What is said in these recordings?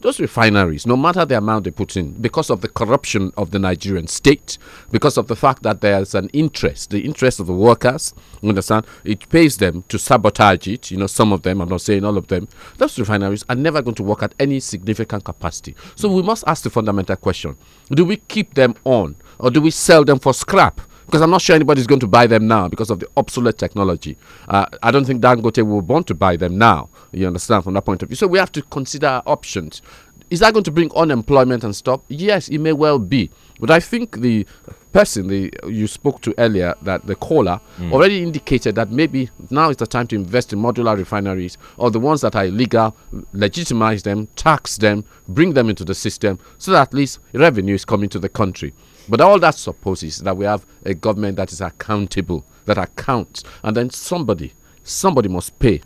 those refineries, no matter the amount they put in, because of the corruption of the Nigerian state, because of the fact that there's an interest, the interest of the workers, you understand, it pays them to sabotage it. You know, some of them, I'm not saying all of them, those refineries are never going to work at any significant capacity. So we must ask the fundamental question do we keep them on or do we sell them for scrap? because I'm not sure anybody's going to buy them now because of the obsolete technology. Uh, I don't think Dangote will want to buy them now. You understand from that point of view. So we have to consider options. Is that going to bring unemployment and stop? Yes, it may well be. But I think the person the, you spoke to earlier, that the caller, mm. already indicated that maybe now is the time to invest in modular refineries or the ones that are illegal, legitimize them, tax them, bring them into the system so that at least revenue is coming to the country. But all that supposes that we have a government that is accountable, that accounts, and then somebody, somebody must pay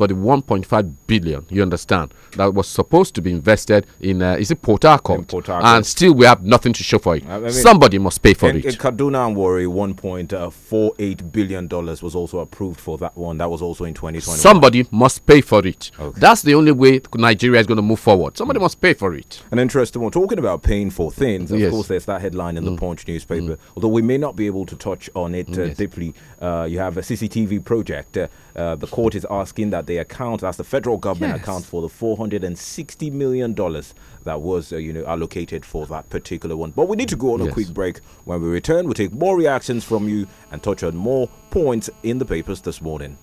for the 1.5 billion. You understand that was supposed to be invested in uh, is it Port Harcourt? Port Harcourt. and still we have nothing to show for it. I uh, mean, Somebody must pay for in, it. In Kaduna and Warri, 1.48 billion dollars was also approved for that one. That was also in 2020. Somebody must pay for it. Okay. That's the only way Nigeria is going to move forward. Somebody mm. must pay for it. An interesting one. Talking about paying for things, of yes. course, there's that headline in mm. the hmm. Punch newspaper. Mm. Although we may not be able to touch on it hmm, uh, yes. deeply, uh, you have a CCTV project. Uh, uh, the court is asking that they account, that's the federal government yes. account for the $460 million that was, uh, you know, allocated for that particular one. But we need to go on yes. a quick break. When we return, we'll take more reactions from you and touch on more points in the papers this morning.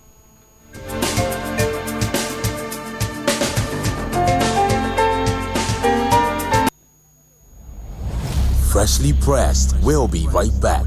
Freshly pressed. We'll be right back.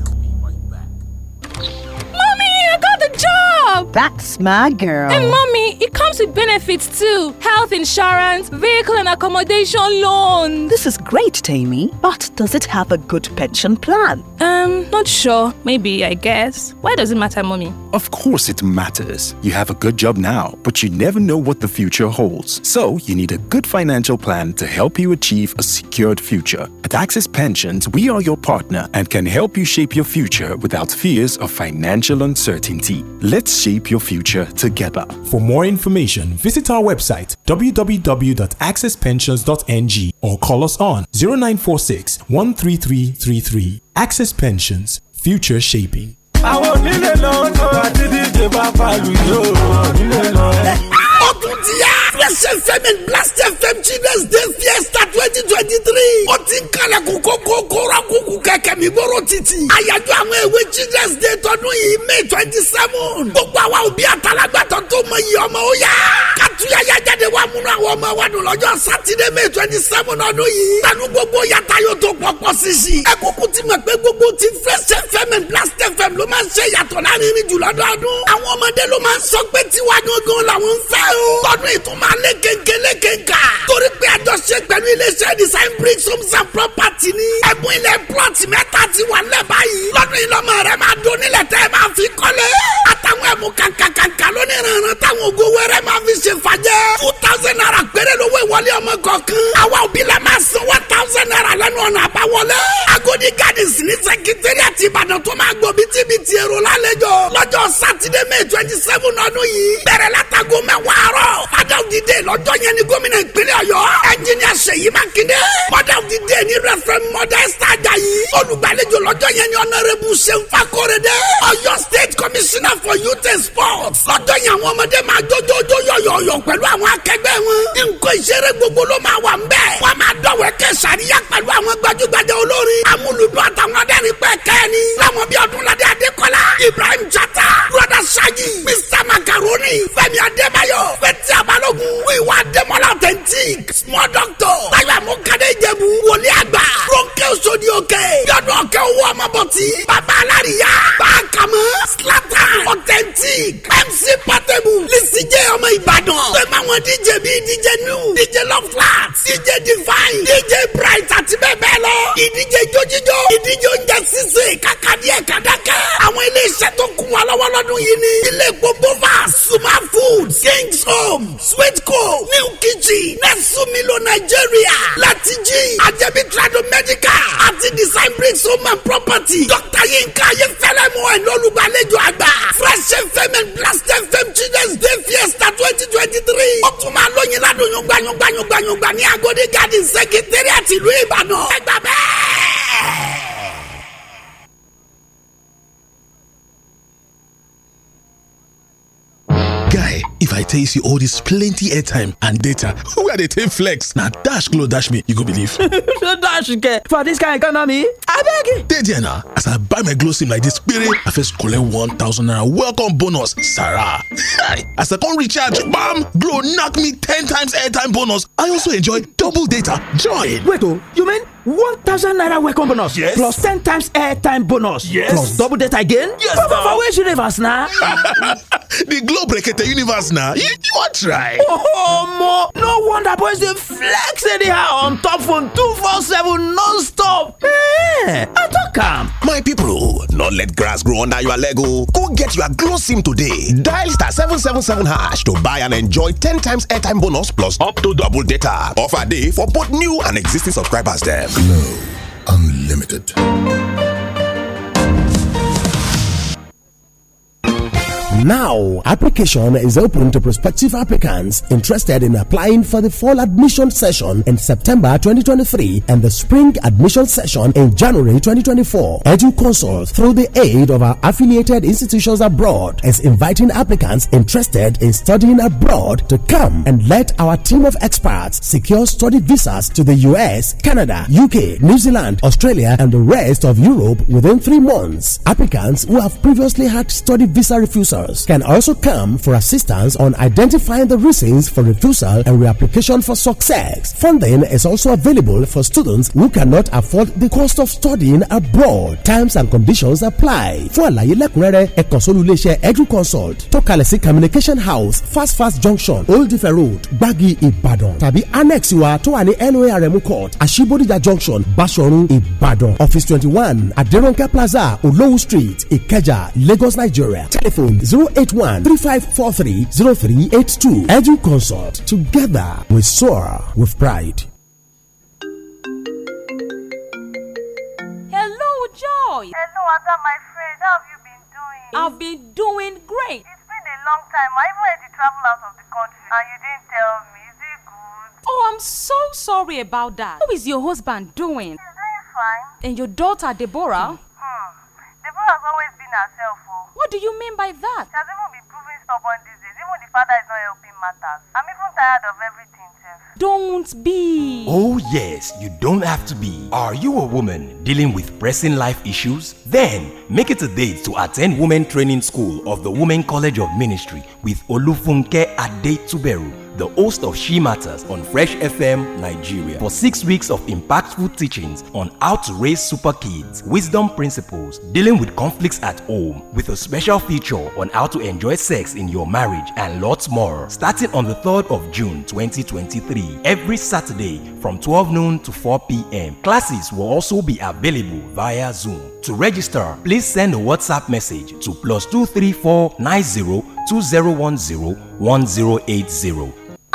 job. That's my girl. And mommy, it comes with benefits too. Health insurance, vehicle and accommodation loan. This is great, Tammy. But does it have a good pension plan? Um, not sure. Maybe, I guess. Why does it matter, mommy? Of course it matters. You have a good job now, but you never know what the future holds. So you need a good financial plan to help you achieve a secured future. At Access Pensions, we are your partner and can help you shape your future without fears of financial uncertainty. Let's shape shape your future together. For more information, visit our website www.accesspensions.ng or call us on 0946 13333. Access Pensions, future shaping. fresh fm and blast fm children's day fiesta twenty twenty kalẹ̀ kó kó kó kóra kẹ̀mí gbóró títì. àyájọ́ àwọn ewé children's day tọdún yìí may twenty seven. gbogbo àwa òbí àtàlágbàtọ́ tó mọ iye ọmọ ó yá. ká àtúnyáyá jáde wá múnú àwọn ọmọ wa dùn lọ́jọ́ sátidé may twenty seven ọdún yìí. tanu gbogbo yàtá yóò tó pọ̀pọ̀ sisi. ẹ kúkú ti mọ̀ pé gbogbo ti fresh fm and blast fm ló máa ń ṣe yàtọ̀ láàrin ní jùlọ dọ́dún. àwọn ọmọdé ló máa ń sọ pé tiwa gangan làwọn ń fẹ́ o. tọdún ìtumọ̀ alẹ́ kéńké lẹ́kẹ̀ẹ́ka. torí pé àjọṣe pẹ̀lú iléeṣẹ́ design bricks homes and property ni. ẹ̀bùn ilẹ̀ plot mẹ́ta ti wà lẹ́bà yìí. lọ́dún ìlọ́mọ rẹ̀ máa dún nílẹ̀ tẹ́ máa fi kọ́lé. àtàwọn ẹ̀mú kankankankan lónìí fàjẹ́. two thousand naira péré lówó ìwọlé ọmọ kọ̀ọ̀kan. àwa òbí la máa san one thousand naira lẹ́nu ọ̀nà àbáwọlé. Agodi gardens ní sẹkítẹ́rì àti Ìbàdàn tó máa gbọ́ bítíbitì èrò lálejò. lọ́jọ́ sátidé May twenty seven ọdún yìí. bẹ̀rẹ̀ látago mẹ́wàá àárọ̀. fada òdìdé lọ́jọ́ yẹn ni gómìnà ìpínlẹ̀ Ọ̀yọ́. ẹnjìníà Ṣèyí Mákindé. mọ́dà òdìdé ní Reverend Modesta Ajayi. olùgbàlejò lọ́jọ́ yẹn ni Honorable Ṣeun Fakorede. Ọ̀yọ́ State Commissioner for Youth and Sports. lọ́jọ́ yẹn àwọn ọmọdé máa jójójó yọ̀yọ̀yọ̀ papọ̀ pẹ̀lú àwọn akẹgbẹ́ wọn. nǹkan ìṣeré gbogbo ló máa wà nbẹ. wọ́n máa dọ̀wẹ́ kẹ́ sàríyá pẹ̀lú àwọn gbajúgbajà olórin. amúlùdún àtàwọn adẹ́rìn pẹ́ kẹ́ni. láwọn bíi ọdúnladé adékọ́lá. ibrahim jata. broda saji. mr macaroni. fẹ́mi adébáyọ̀. fẹ́tí abalógun. wíwá adémọ́lá authentic. small doctor. tayo amúkadé ìjẹ̀bù. wòlíì àgbà. ronke sodi òkè. yọdún ọ̀kẹ́ owó ọmọbọ̀tì. bàbá aláríyá. báàkàmọ́. slatan authentic. mc portable. lisijẹ́ ọmọ ìbàdàn pé báwọn DJ bíi DJ new DJ love flat DJ divine DJ bright àti bẹ́ẹ̀ bẹ́ẹ̀ lọ ìdíje jójíjó ìdíje oúnjẹ sísè kàkàdí ẹ̀ kàdákẹ́ àwọn iléeṣẹ́ tó kún wa lọ́wọ́ lọ́dún yìí ni ilé gbogbofa suma food kings home sweet co new kitchen nesu milo Nigeria láti jí ajẹbi trado medical àti design bricks home and property Dr. Yinka ayefẹlẹ mọ ẹ lọlùgbàlejò àgbà fresh fm and blast fm children's day fiesta twenty twenty twenty three. ó tún máa lóyin ládùn yungba yungba yungba yungba ní Agodi garden secretariat ìlú Ìbàdàn. ẹgbà bẹ́ẹ̀. if i tell you see all this plenty airtime and data where they take flex Now dash glow dash me you go believe dash get for dis kain economy I beg you. na as i buy my glow sim like this spirit, i first collect 1000 naira welcome bonus sarah as i come recharge bam glow knock me 10 times airtime bonus i also enjoy double data join wait oh, you mean 1000 naira welcome bonus yes plus 10 times airtime bonus yes plus double data again yes for where universe The di globe the universe now. na you wan try omo no wonder boys dey flex anyhow on top phone 247 non-stop Hey, eh, i tok am my pipo no let grass grow under your leg o oh. go get your glow sim today dial star seven seven seven hash to buy and enjoy ten times airtime bonus plus up to double data offer dey for both new and existing subscribers dem glow unlimited Now, application is open to prospective applicants interested in applying for the fall admission session in September 2023 and the spring admission session in January 2024. EduConsult, through the aid of our affiliated institutions abroad, is inviting applicants interested in studying abroad to come and let our team of experts secure study visas to the US, Canada, UK, New Zealand, Australia, and the rest of Europe within three months. Applicants who have previously had study visa refusals refusals can also come for assistance on identifying the reasons for refusal and reapplication for success. Funding is also available for students who cannot afford the cost of studying abroad. Times and conditions apply. Fún àlàyé lẹ́kùnrẹ́rẹ́ ẹ kàn sólú iléeṣẹ́ EduConsult tó Communication House Fast Fast Junction Old Ife Road Gbági Ìbàdàn tàbí annex wa tó wà ní NOARM Court Àṣìbódìjà Junction Bashorun Ibadan. Office twenty one Adérónkẹ́ Plaza Olowu Street Ikeja, Lagos Nigeria telephone zero. 081 3543 0382. Edu Consult. Together we soar with pride. Hello, Joy. Hello, Ada, my friend. How have you been doing? I've been doing great. It's been a long time. I even had to travel out of the country and you didn't tell me. Is it good? Oh, I'm so sorry about that. How is your husband doing? He's doing fine. And your daughter, Deborah? Hmm. has always been herself. What do you mean by that? She has even been proving stubborn these days. Even the father is not helping matters. I'm even tired of everything, Chef. Don't be. Oh, yes, you don't have to be. Are you a woman dealing with pressing life issues? Then make it a date to attend Women Training School of the Women College of Ministry with Olufunke Adetuberu the host of She Matters on Fresh FM Nigeria, for six weeks of impactful teachings on how to raise super kids, wisdom principles, dealing with conflicts at home, with a special feature on how to enjoy sex in your marriage, and lots more. Starting on the 3rd of June 2023, every Saturday from 12 noon to 4 p.m. Classes will also be available via Zoom. To register, please send a WhatsApp message to plus 23490 2010 1080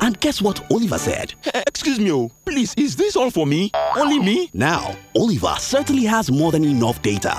And guess what Oliver said? Excuse me, oh, please, is this all for me? Only me? Now, Oliver certainly has more than enough data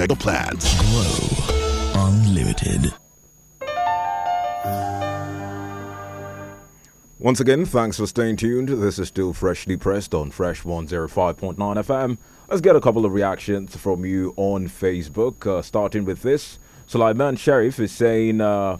mega plans. Glow Unlimited. Once again, thanks for staying tuned. This is still freshly pressed on Fresh 105.9 FM. Let's get a couple of reactions from you on Facebook, uh, starting with this. Sulaiman Sharif is saying, uh,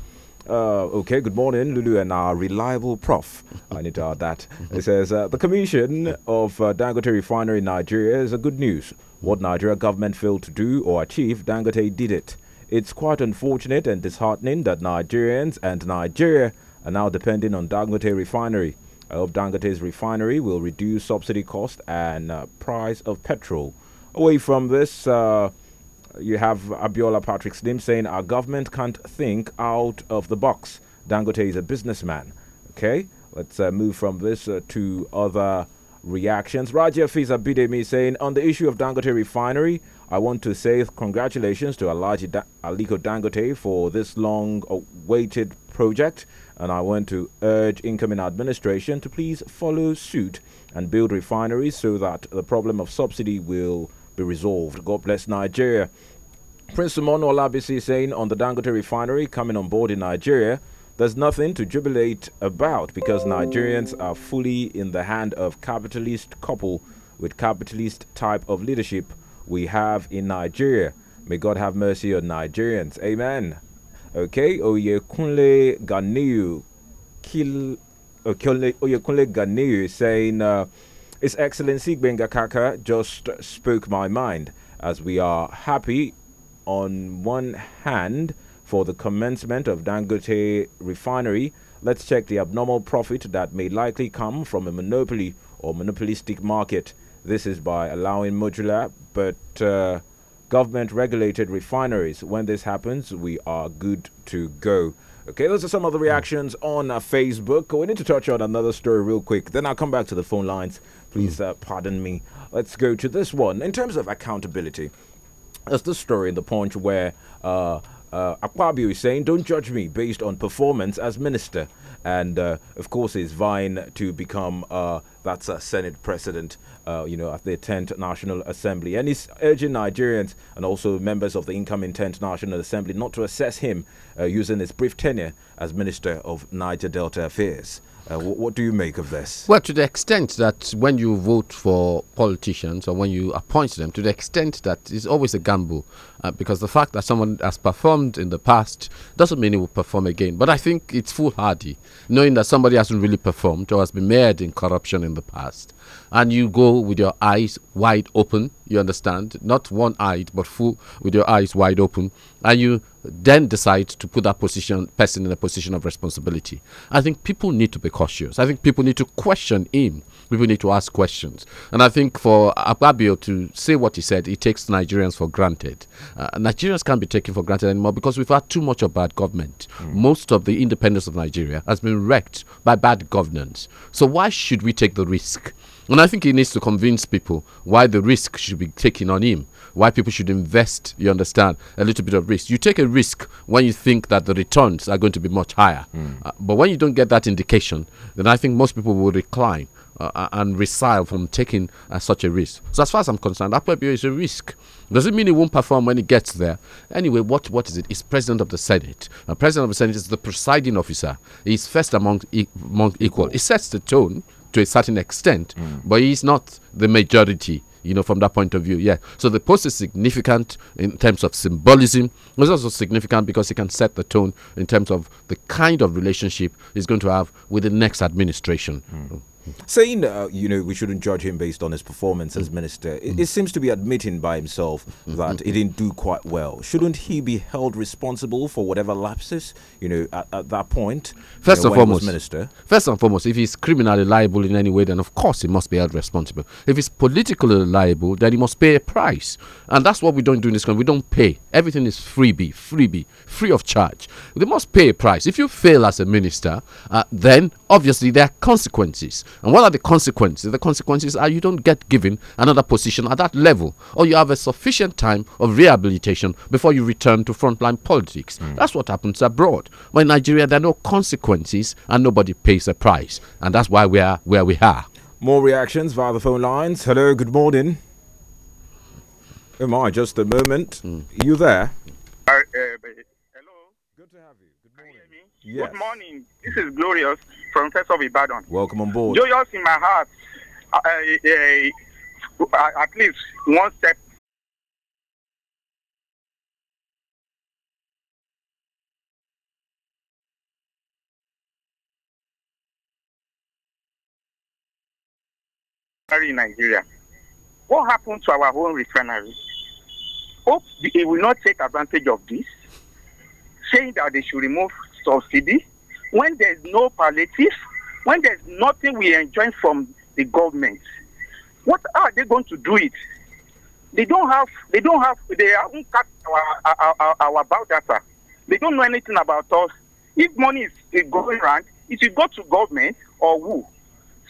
uh, okay, good morning, Lulu and our reliable prof. I need to add that. It says, uh, the commission of uh, Dangote Refinery in Nigeria is a good news. What Nigeria government failed to do or achieve, Dangote did it. It's quite unfortunate and disheartening that Nigerians and Nigeria are now depending on Dangote refinery. I hope Dangote's refinery will reduce subsidy cost and uh, price of petrol. Away from this, uh, you have Abiola Patrick Slim saying our government can't think out of the box. Dangote is a businessman. Okay, let's uh, move from this uh, to other reactions. Raja Fiza Bidemi saying, on the issue of Dangote refinery, I want to say congratulations to Alaji da- Aliko Dangote for this long awaited project. And I want to urge incoming administration to please follow suit and build refineries so that the problem of subsidy will be resolved. God bless Nigeria. Prince Simon Olabisi saying on the Dangote refinery coming on board in Nigeria, there's nothing to jubilate about because Nigerians are fully in the hand of capitalist couple with capitalist type of leadership we have in Nigeria. May God have mercy on Nigerians. Amen. Okay, Oyekunle Ganiyu Kil Oyekunle is saying uh, His Excellency Benga Kaka just spoke my mind as we are happy on one hand for the commencement of Dangote refinery, let's check the abnormal profit that may likely come from a monopoly or monopolistic market. This is by allowing modular but uh, government regulated refineries. When this happens, we are good to go. Okay, those are some of the reactions on uh, Facebook. We need to touch on another story real quick. Then I'll come back to the phone lines. Please uh, pardon me. Let's go to this one. In terms of accountability, there's this story in The Punch where uh, uh, Akwabio is saying, don't judge me based on performance as minister. And uh, of course, is vying to become uh, that's a Senate president, uh, you know, at the 10th National Assembly. And he's urging Nigerians and also members of the incoming 10th National Assembly not to assess him uh, using his brief tenure as Minister of Niger Delta Affairs. Uh, what do you make of this? Well, to the extent that when you vote for politicians or when you appoint them, to the extent that it's always a gamble, uh, because the fact that someone has performed in the past doesn't mean he will perform again. But I think it's foolhardy, knowing that somebody hasn't really performed or has been mired in corruption in the past, and you go with your eyes wide open. You understand, not one-eyed, but full with your eyes wide open, and you then decide to put that position person in a position of responsibility. I think people need to be cautious. I think people need to question him. People need to ask questions. And I think for Ababio to say what he said, he takes Nigerians for granted. Uh, Nigerians can't be taken for granted anymore because we've had too much of bad government. Mm. Most of the independence of Nigeria has been wrecked by bad governance. So why should we take the risk? And I think he needs to convince people why the risk should be taken on him why people should invest, you understand, a little bit of risk. You take a risk when you think that the returns are going to be much higher. Mm. Uh, but when you don't get that indication, then I think most people will recline. Uh, uh and resile from taking uh, such a risk. So as far as I'm concerned, Akpabio is a risk. Doesn't mean it won't perform when it gets there. Anyway, what what is it? president of the Senate. Uh, president of the Senate is the presiding officer. He's first among e among equal. equal. He sets the tone to a certain extent, mm. but he's not the majority you know, from that point of view. Yeah. So the post is significant in terms of symbolism. It's also significant because it can set the tone in terms of the kind of relationship he's going to have with the next administration. Mm. Saying, uh, you know, we shouldn't judge him based on his performance as mm. minister, it, mm. it seems to be admitting by himself mm-hmm. that he didn't do quite well. Shouldn't he be held responsible for whatever lapses, you know, at, at that point? First you know, and foremost, minister. First and foremost, if he's criminally liable in any way, then of course he must be held responsible. If he's politically liable, then he must pay a price, and that's what we don't do in this country. We don't pay. Everything is freebie, freebie, free of charge. They must pay a price. If you fail as a minister, uh, then obviously there are consequences. And what are the consequences? The consequences are you don't get given another position at that level, or you have a sufficient time of rehabilitation before you return to frontline politics. Mm. That's what happens abroad. But in Nigeria, there are no consequences and nobody pays a price. And that's why we are where we are. More reactions via the phone lines. Hello, good morning. Am I just a moment? Mm. You there? I, uh, uh Yes. Good morning. This is Glorious from First of Ibadan. Welcome on board. Joyous in my heart. Uh, uh, uh, at least one step in Nigeria. What happened to our own refinery? Hope they will not take advantage of this, saying that they should remove subsidy, when there's no palliative, when there's nothing we enjoy from the government, what are they going to do it? They don't have, they don't have, they haven't cut our, our, our, our They don't know anything about us. If money is going around, it should go to government or who.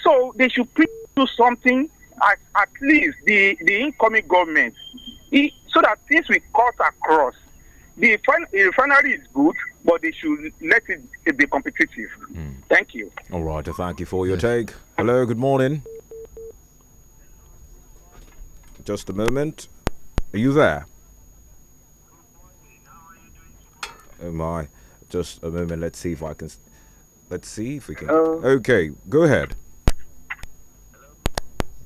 So they should please do something at, at least the, the incoming government so that things will cut across the refinery is good, but they should let it be competitive. Mm. Thank you. All right, thank you for your take. Hello, good morning. Just a moment. Are you there? Oh my! Just a moment. Let's see if I can. Let's see if we can. Hello? Okay, go ahead.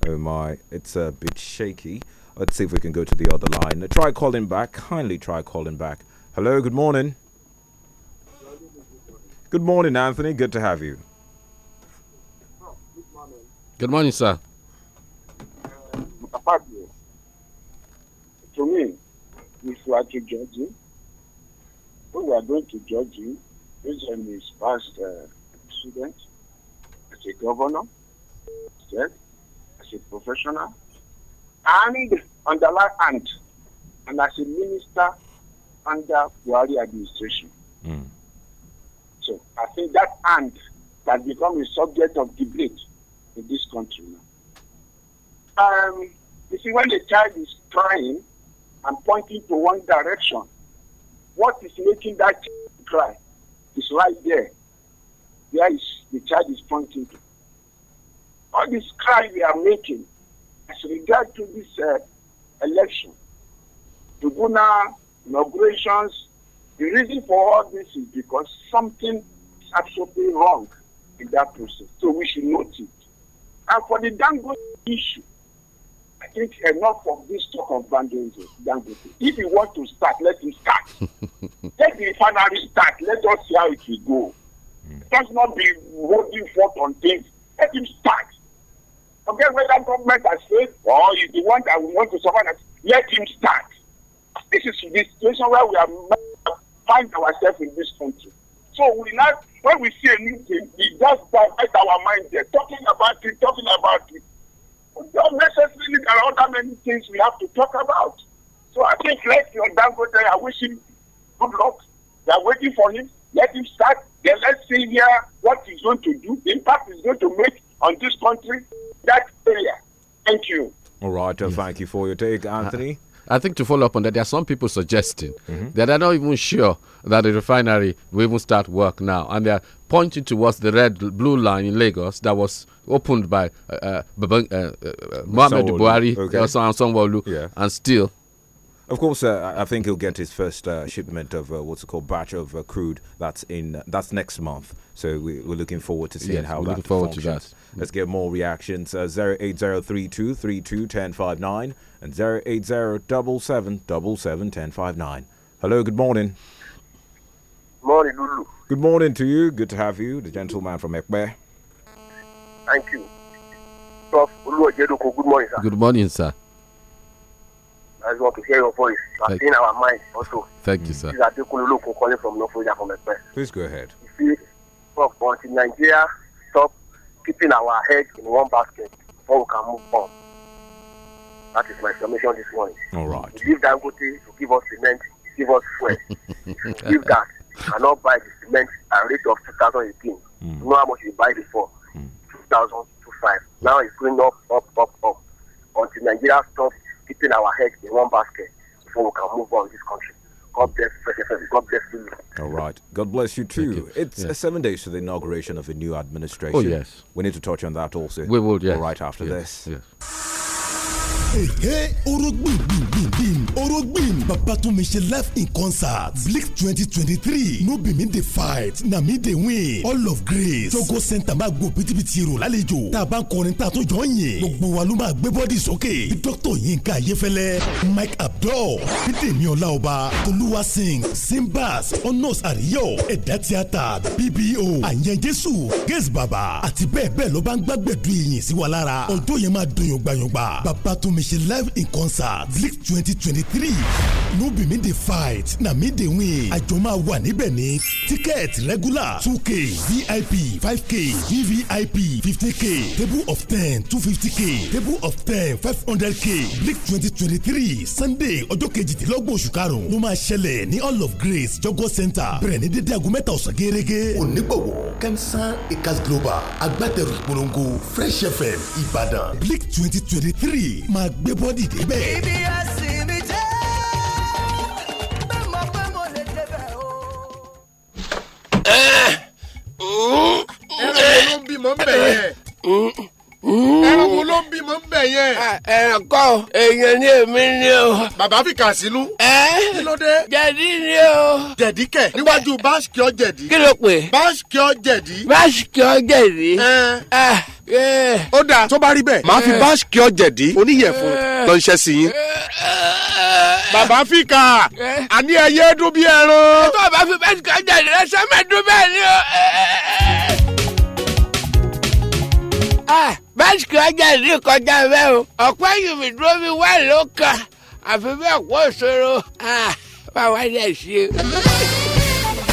Hello? Oh my! It's a bit shaky. Let's see if we can go to the other line. Try calling back. Kindly try calling back. Hello, good morning. Good morning, Anthony. Good to have you. Good morning, sir. To me, if we are to judge him, we are going to judge him is on his past uh, student, as a governor, as a professional, and on the other hand, and as a minister under Buhari administration. Mm. So I think that hand has become a subject of debate in this country now. Um, you see, when a child is crying and pointing to one direction, what is making that child cry is right there. There is the child is pointing to. All this cry we are making as regards to this uh, election, tribunal, inaugurations, the reason for all this is because something is absolutely wrong in that process. So we should note it. And for the Dangote issue, I think enough of this talk of vandalism, Dangote. If you want to start, let him start. let the refinery start. Let us see how it will go. Let's mm. not be holding forth on things. Let him start forget whether government has said or is the one that we want to survive. Let him start. This is the situation where we are find ourselves in this country. So we not when we see a new thing, we just divert our mind there, talking about it, talking about it. We don't necessarily there are other many things we have to talk about. So I think let your Dangote, I wish him good luck. They are waiting for him. Let him start. Then let's see here what he's going to do, the impact he's going to make on this country that area. Thank you. All right, uh, yes. thank you for your take, uh, Anthony. I think to follow up on that, there are some people suggesting mm -hmm. that are not even sure that the refinery will even start work now, and they are pointing towards the red blue line in Lagos that was opened by uh, uh, uh, uh, uh Mohamed Buhari okay. or yeah. and still of course, uh, I think he'll get his first uh, shipment of uh, what's it called batch of uh, crude. That's in uh, that's next month. So we, are looking forward to seeing yes, how we're that looking forward to that. Let's get more reactions. Uh, zero eight zero three two three two ten five nine and zero eight zero double seven double seven ten five nine. Hello. Good morning. Morning, Lulu. Good morning to you. Good to have you, the gentleman from Ekbe. Thank you. Good morning, sir. Good morning, sir as well to hear your voice, to thank our mind also. Thank you, sir. This is calling from from Express. Please go ahead. You see, well, Nigeria stop keeping our head in one basket before we can move on. That is my submission this morning. All right. Give that Dangote to give us cement, give us fuel. give that cannot buy the cement at rate of 2018. Mm. You know how much we buy before Mm. 2005. Now it's going up, up, up, up until Nigeria stops keeping our heads in one basket before we can move on in this country. God bless God bless you. All right. God bless you too. You. It's uh, yes. seven days to the inauguration of the new administration. Oh, yes. We need to touch on that also. We will, yes. Right after yes. this. Yes. ehe orogbin bin bin bin orogbin babatunmise live in concert blake twenty twenty three no be me dey fight na me dey win all of grace jogo center máa gbó bitibiti rò lálejò tá a bá ń kọrin tá a tún jọ ń yìn gbogbo wa ló máa gbé bọ́dì sókè bí dókítà yinka ayefẹlẹ mike abdul bídèmí ọláọba tolúwa sing simbas honors àríyọ ẹ̀dá tíátà bbo àyẹn jésù gẹ́sì bàbá àti bẹ́ẹ̀ bẹ́ẹ̀ ló bá ń gbàgbẹ́dù ìyìn sí wa lára ọjọ́ yẹn máa dùn yọ̀ngbàyọ̀ngbà babatunmi ṣe live in concert Blitz 2023. no be me dey fight na me dey win àjọ máa wà níbẹ̀ ní ticket regular two k vip five k vvip fifty k table of ten two fifty k table of ten five hundred k Blitz 2023. sunday ọjọ́ kejìdínlọ́gbọ̀n oṣù karùn-ún ló máa ṣẹlẹ̀ ní all of grace jọgọ́ center bẹ̀rẹ̀ ní dédé aago mẹ́ta ọ̀sán gẹ́gẹ́. onígbọ̀wọ́ kẹ́mísán ecas global agbátẹrù ìpolongo fresh fm ìbàdàn Blitz 2023. twenty máa gbé bọ́dì débẹ̀. ibi ẹ̀sìn mi jẹ́ bẹ́ẹ̀ mọ̀ pé mo lè débẹ̀ o. ẹ̀rọ ló ń bímọ bẹ̀ yẹn. ẹ̀rọ wo ló ń bímọ bẹ̀ yẹn. ẹ̀rọ kọ́ èèyàn ni èmi ni o. bàbá fi kà sínú. ẹ kí ló dé. jẹ̀dí ni o. jẹ̀dí kẹ̀ níwájú báṣkìọ́ jẹ̀dí. kí ló pè. báṣkìọ́ jẹ̀dí. báṣkìọ́ jẹ̀dí. ẹ ẹ. Eh. ó dáa tó bá rí bẹ́ẹ̀ màá fi eh. báṣkì ọ̀jẹ̀dí eh. oníyẹ̀fun lọ́nṣẹ́ sí yín. bàbá fìkà àní ẹyẹ dún bí ẹran. tó o bá fi báṣkì ọ̀jẹ̀dí ránṣẹ́ mẹ́ẹ̀ẹ́dún bẹ́ẹ̀ ni o. Ah, báṣkì ọ̀jẹ̀dí kọjá bẹ́ẹ̀ o ọ̀pẹ́ yìí mi dúró mi wá ló kan àfi bẹ́ẹ̀ kó ṣòro ah, báwa dẹ̀ ṣe.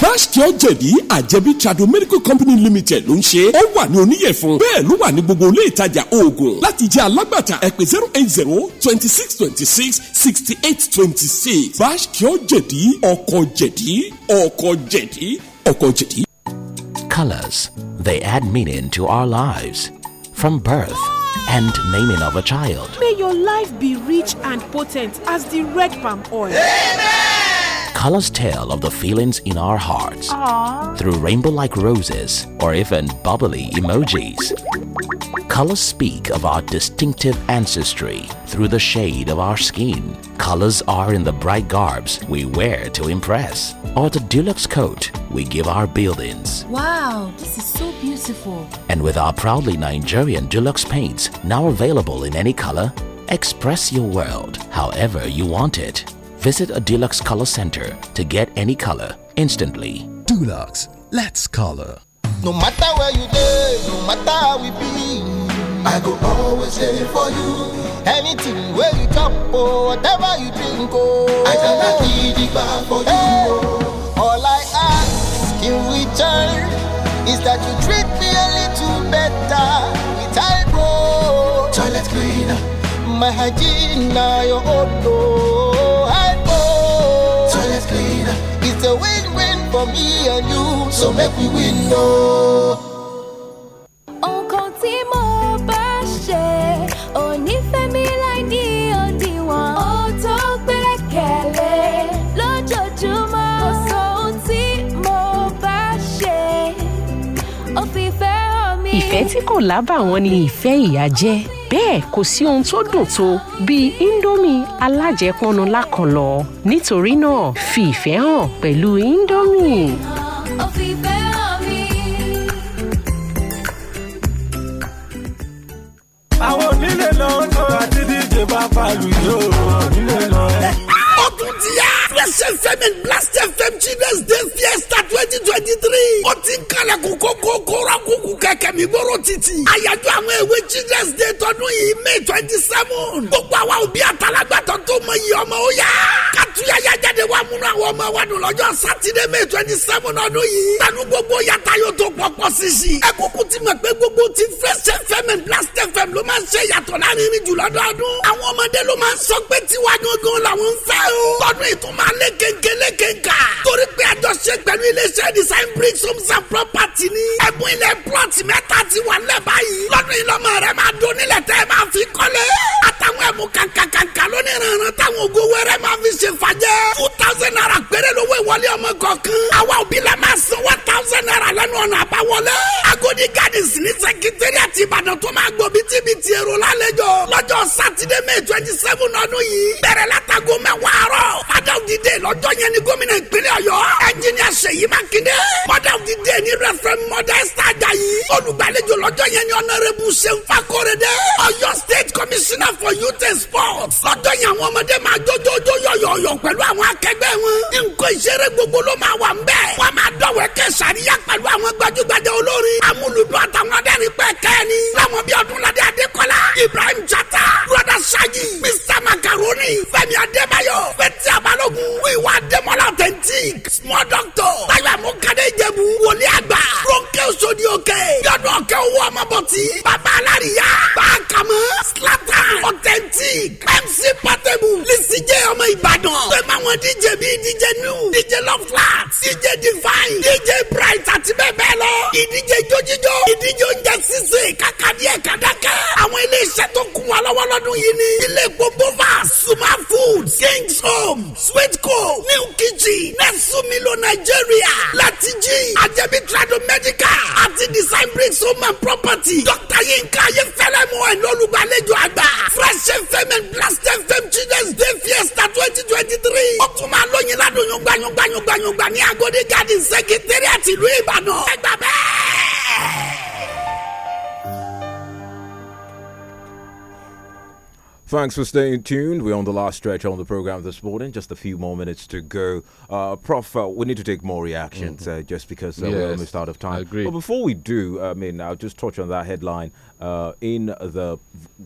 cash jẹ́ jẹ̀dí àjẹbí Chado medical company limited ló ń ṣe ó wà ní oníyẹ̀fún bẹ́ẹ̀ ló wà ní gbogbo ilé ìtajà oògùn láti jẹ́ alágbàtà ẹ̀pẹ̀ zero eight zero twenty six twenty six sixty eight twenty six cash jẹ́ jẹ̀dí ọkọ̀ jẹ̀dí ọkọ̀ jẹ̀dí ọkọ̀ jẹ̀dí. Colors, they add meaning to our lives from birth and naming of a child. May your life be rich and potent as the red palm oil. Amen colors tell of the feelings in our hearts Aww. through rainbow like roses or even bubbly emojis. Colors speak of our distinctive ancestry through the shade of our skin. Colors are in the bright garbs we wear to impress or the deluxe coat we give our buildings. Wow, this is so beautiful. And with our proudly Nigerian deluxe paints now available in any color, express your world however you want it. Visit a Dulux Color Center to get any color instantly. Dulux, let's color. No matter where you live, no matter how we be, I go always there for you. Anything where you chop or oh, whatever you drink, oh, I cannot eat it back for hey. you. Oh. All I ask in return is that you treat me a little better with Ibro. Toilet cleaner, my hygiene now your own. Oh. for me and you so make we win no. Oh. nǹkan tí ìfẹ́ tí kò lábàwọ́n ni ìfẹ́ ìyá jẹ́ bẹ́ẹ̀ kò sí ohun tó dùn tó bíi indomie alájẹpọnu lákọlọ nítorí náà fi ìfẹ́ hàn pẹ̀lú indomie. àwọn onílé lọ́wọ́ àti díje bá balùwẹ̀ yóò nílé lọ́wọ́. Fresh FM Blast FM Children's Day Fiesta twenty twenty three. ó ti ń kalẹ̀ kó kókó kóra kúkú kẹ̀kẹ́ mi bọ́rọ̀ títì. àyájọ́ àwọn èwe Children's Day tọdún yìí May twenty seven. gbogbo àwa òbí àtàlágbàtọ́ tó mọ iye ọmọ ó yá. kátúyáyá jáde wá múnú àwọn ọmọ wa dùn lọ́jọ́ sátidé May twenty seven ọdún yìí. tanu gbogbo yàtá yóò tó pọpọ sisi. ẹ kúkú ti mọ̀ pé gbogbo ti Fresh FM and Blast FM ló máa ń ṣe yàtọ̀ láàrin ìrìn jùlọ dọ́dún. àwọn ọmọdé ló máa ń sọ kékeré-kéka. torí pé àjọṣe pẹ̀lú iléeṣẹ́ design bricks homes and property ni. ẹ̀bùn ilẹ̀ plot mẹ́ta ti wà lẹ́bàá yìí. lọ́dún yìí lọ́mọ rẹ̀ máa dún nílẹ̀ tẹ́ ẹ máa fi kọ́lé. àtàwọn ẹ̀bùn kàkàkàkà lónìí ìrànràn táwọn ògo wẹ́rẹ́ máa fi ṣe fàjẹ́. two thousand naira péré lówó ìwọlé ọmọ kọ̀ọ̀kan. àwa òbí la máa san one thousand naira lẹ́nu ọ̀nà àbáwọlé. Agodi Gardens ní sẹkítẹ́rì àti Ìbàdàn tó máa gbọ́ bítíbitì èrò lálejò. lọ́jọ́ sátidé May twenty seven ọdún yìí. bẹ̀rẹ̀ látago mẹ́wàá àárọ̀. fàjà òdìdé day lọ́jọ́ yẹn ni gómìnà ìpínlẹ̀ ọ̀yọ́ ẹnjìníà ṣèyí mákindé mother of the day ni reverend modesta ajayi olùgbàlejò lọ́jọ́ yẹn ni honourable seun fakorede ọ̀yọ́ state commissioner for youth and sports lọ́jọ́ yẹn àwọn ọmọdé máa jójójó yọ̀yọ̀yọ̀ pẹ̀lú àwọn akẹgbẹ́ wọn nǹkan ìṣeré gbogbo ló máa wà ńbẹ̀ wọ́n máa dọ̀wẹ́ kẹsàríyá pẹ̀lú àwọn gbajúgbajà olórin amúlùdún àtàwọn adẹ́rìn pẹ̀kẹ́ ni thanks for staying tuned. We're on the last stretch on the program this morning. Just a few more minutes to go. Uh, Prof, uh, we need to take more reactions mm -hmm. uh, just because yes, uh, we're almost out of time. I agree. But before we do, I mean, I'll just touch on that headline uh, in the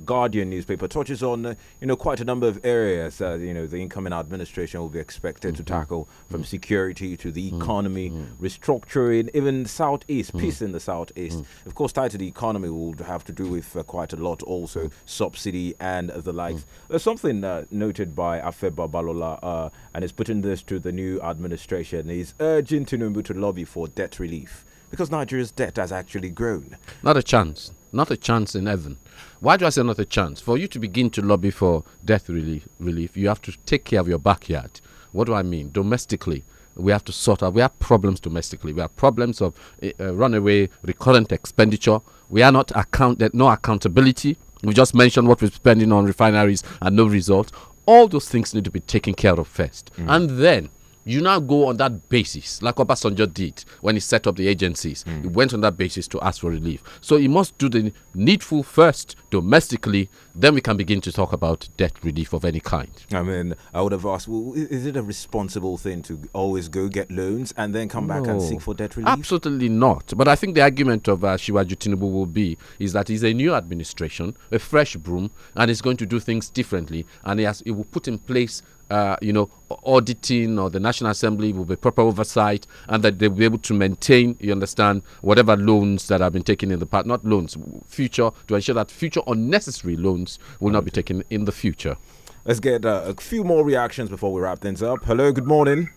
Guardian newspaper. Touches on, uh, you know, quite a number of areas. you know, the incoming administration will be expected mm -hmm. to mm-hmm. tackle from mm -hmm. security to the mm-hmm. economy, mm-hmm. restructuring, even southeast peace in the southeast. Of course, tied to the economy will have to do with quite a lot also subsidy and the likes. Mm. There's something uh, noted by Afeba Balola, uh, and is putting this to the new administration. He's urging Tinubu to lobby for debt relief because Nigeria's debt has actually grown. Not a chance. Not a chance in heaven. Why do I say not a chance? For you to begin to lobby for debt relief, relief, you have to take care of your backyard. What do I mean? Domestically, we have to sort out. We have problems domestically. We have problems of uh, runaway recurrent expenditure. We are not accounted, no accountability. We just mentioned what we're spending on refineries and no result. All those things need to be taken care of first. Mm. And then you now go on that basis, like Obasanjo did when he set up the agencies. Mm. He went on that basis to ask for relief. So he must do the needful first domestically, then we can begin to talk about debt relief of any kind. I mean, I would have asked, well, is it a responsible thing to always go get loans and then come no, back and seek for debt relief? Absolutely not. But I think the argument of uh, Shiwaju Tinubu will be is that he's a new administration, a fresh broom, and he's going to do things differently, and he, has, he will put in place uh, you know, auditing or the National Assembly will be proper oversight and that they'll be able to maintain, you understand, whatever loans that have been taken in the past, not loans, future, to ensure that future unnecessary loans will not be taken in the future. Let's get uh, a few more reactions before we wrap things up. Hello, good morning.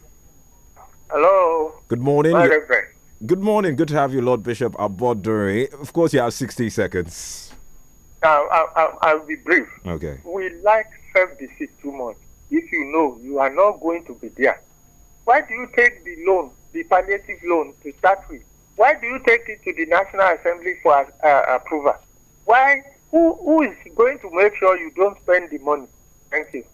Hello. Good morning. Hello. Good morning. Good to have you, Lord Bishop Aboduri. Of course, you have 60 seconds. I'll, I'll, I'll be brief. Okay. We like self-deceit too much if you know you are not going to be there, why do you take the loan, the palliative loan to start with? Why do you take it to the National Assembly for uh, uh approval? Why? Who, who is going to make sure you don't spend the money? Thank you.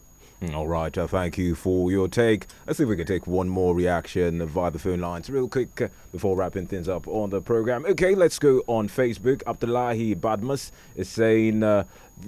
Mm, all right, uh, thank you for your take. Let's see if we can take one more reaction via the phone lines real quick uh, before wrapping things up on the program. Okay, let's go on Facebook. Abdullahi Badmus is saying uh,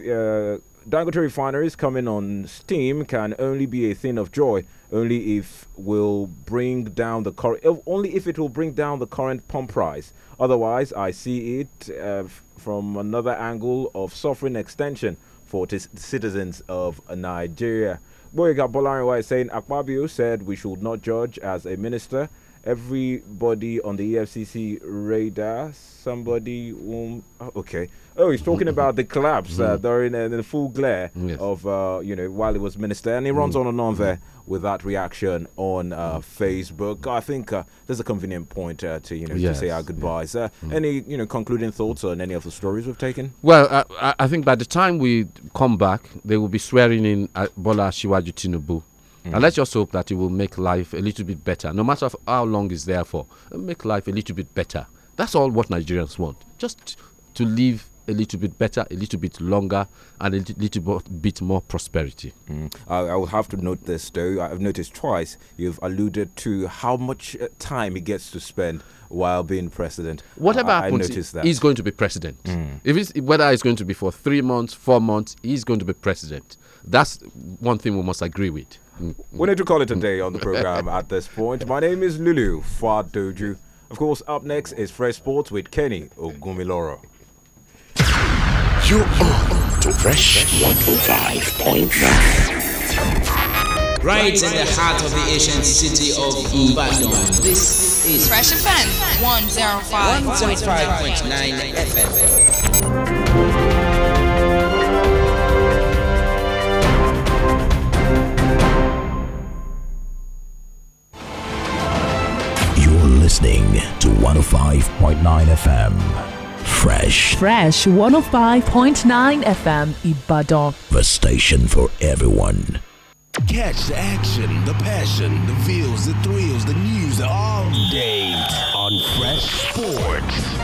uh Dangote refineries coming on steam can only be a thing of joy, only if will bring down the current, oh, only if it will bring down the current pump price. Otherwise, I see it uh, from another angle of suffering extension for t- citizens of Nigeria. Boyega Bolarinwa is saying Akpabio said we should not judge as a minister everybody on the EFCC radar. Somebody, whom, oh, okay. Oh, he's talking about the collapse uh, mm-hmm. during uh, the full glare yes. of, uh, you know, while he was minister. And he runs mm-hmm. on and on there with that reaction on uh, Facebook. I think uh, there's a convenient point uh, to, you know, yes. to say our goodbyes. Mm. Any, you know, concluding thoughts on any of the stories we've taken? Well, I, I think by the time we come back, they will be swearing in uh, Bola Shiwaju Tinubu Mm. And let's just hope that it will make life a little bit better, no matter how long it's there for. Make life a little bit better. That's all what Nigerians want. Just to live a little bit better, a little bit longer, and a little bit more prosperity. Mm. I, I, will have to note this though. I've noticed twice you've alluded to how much uh, time he gets to spend while being president. Whatever I, happens, I noticed that. he's going to be president. Mm. If it's, whether it's going to be for three months, four months, he's going to be president. That's one thing we must agree with. Mm-hmm. We need to call it a day on the program at this point. My name is Lulu Fadoju. Of course, up next is Fresh Sports with Kenny Ogumiloro. You are to Fresh 105.9. Right in the heart of the ancient city of Ibadan. This is Fresh Offense 105.9 FM. listening to 105.9 FM. Fresh. Fresh 105.9 FM Ibadan. The station for everyone. Catch the action, the passion, the feels, the thrills, the news all day on Fresh Sports.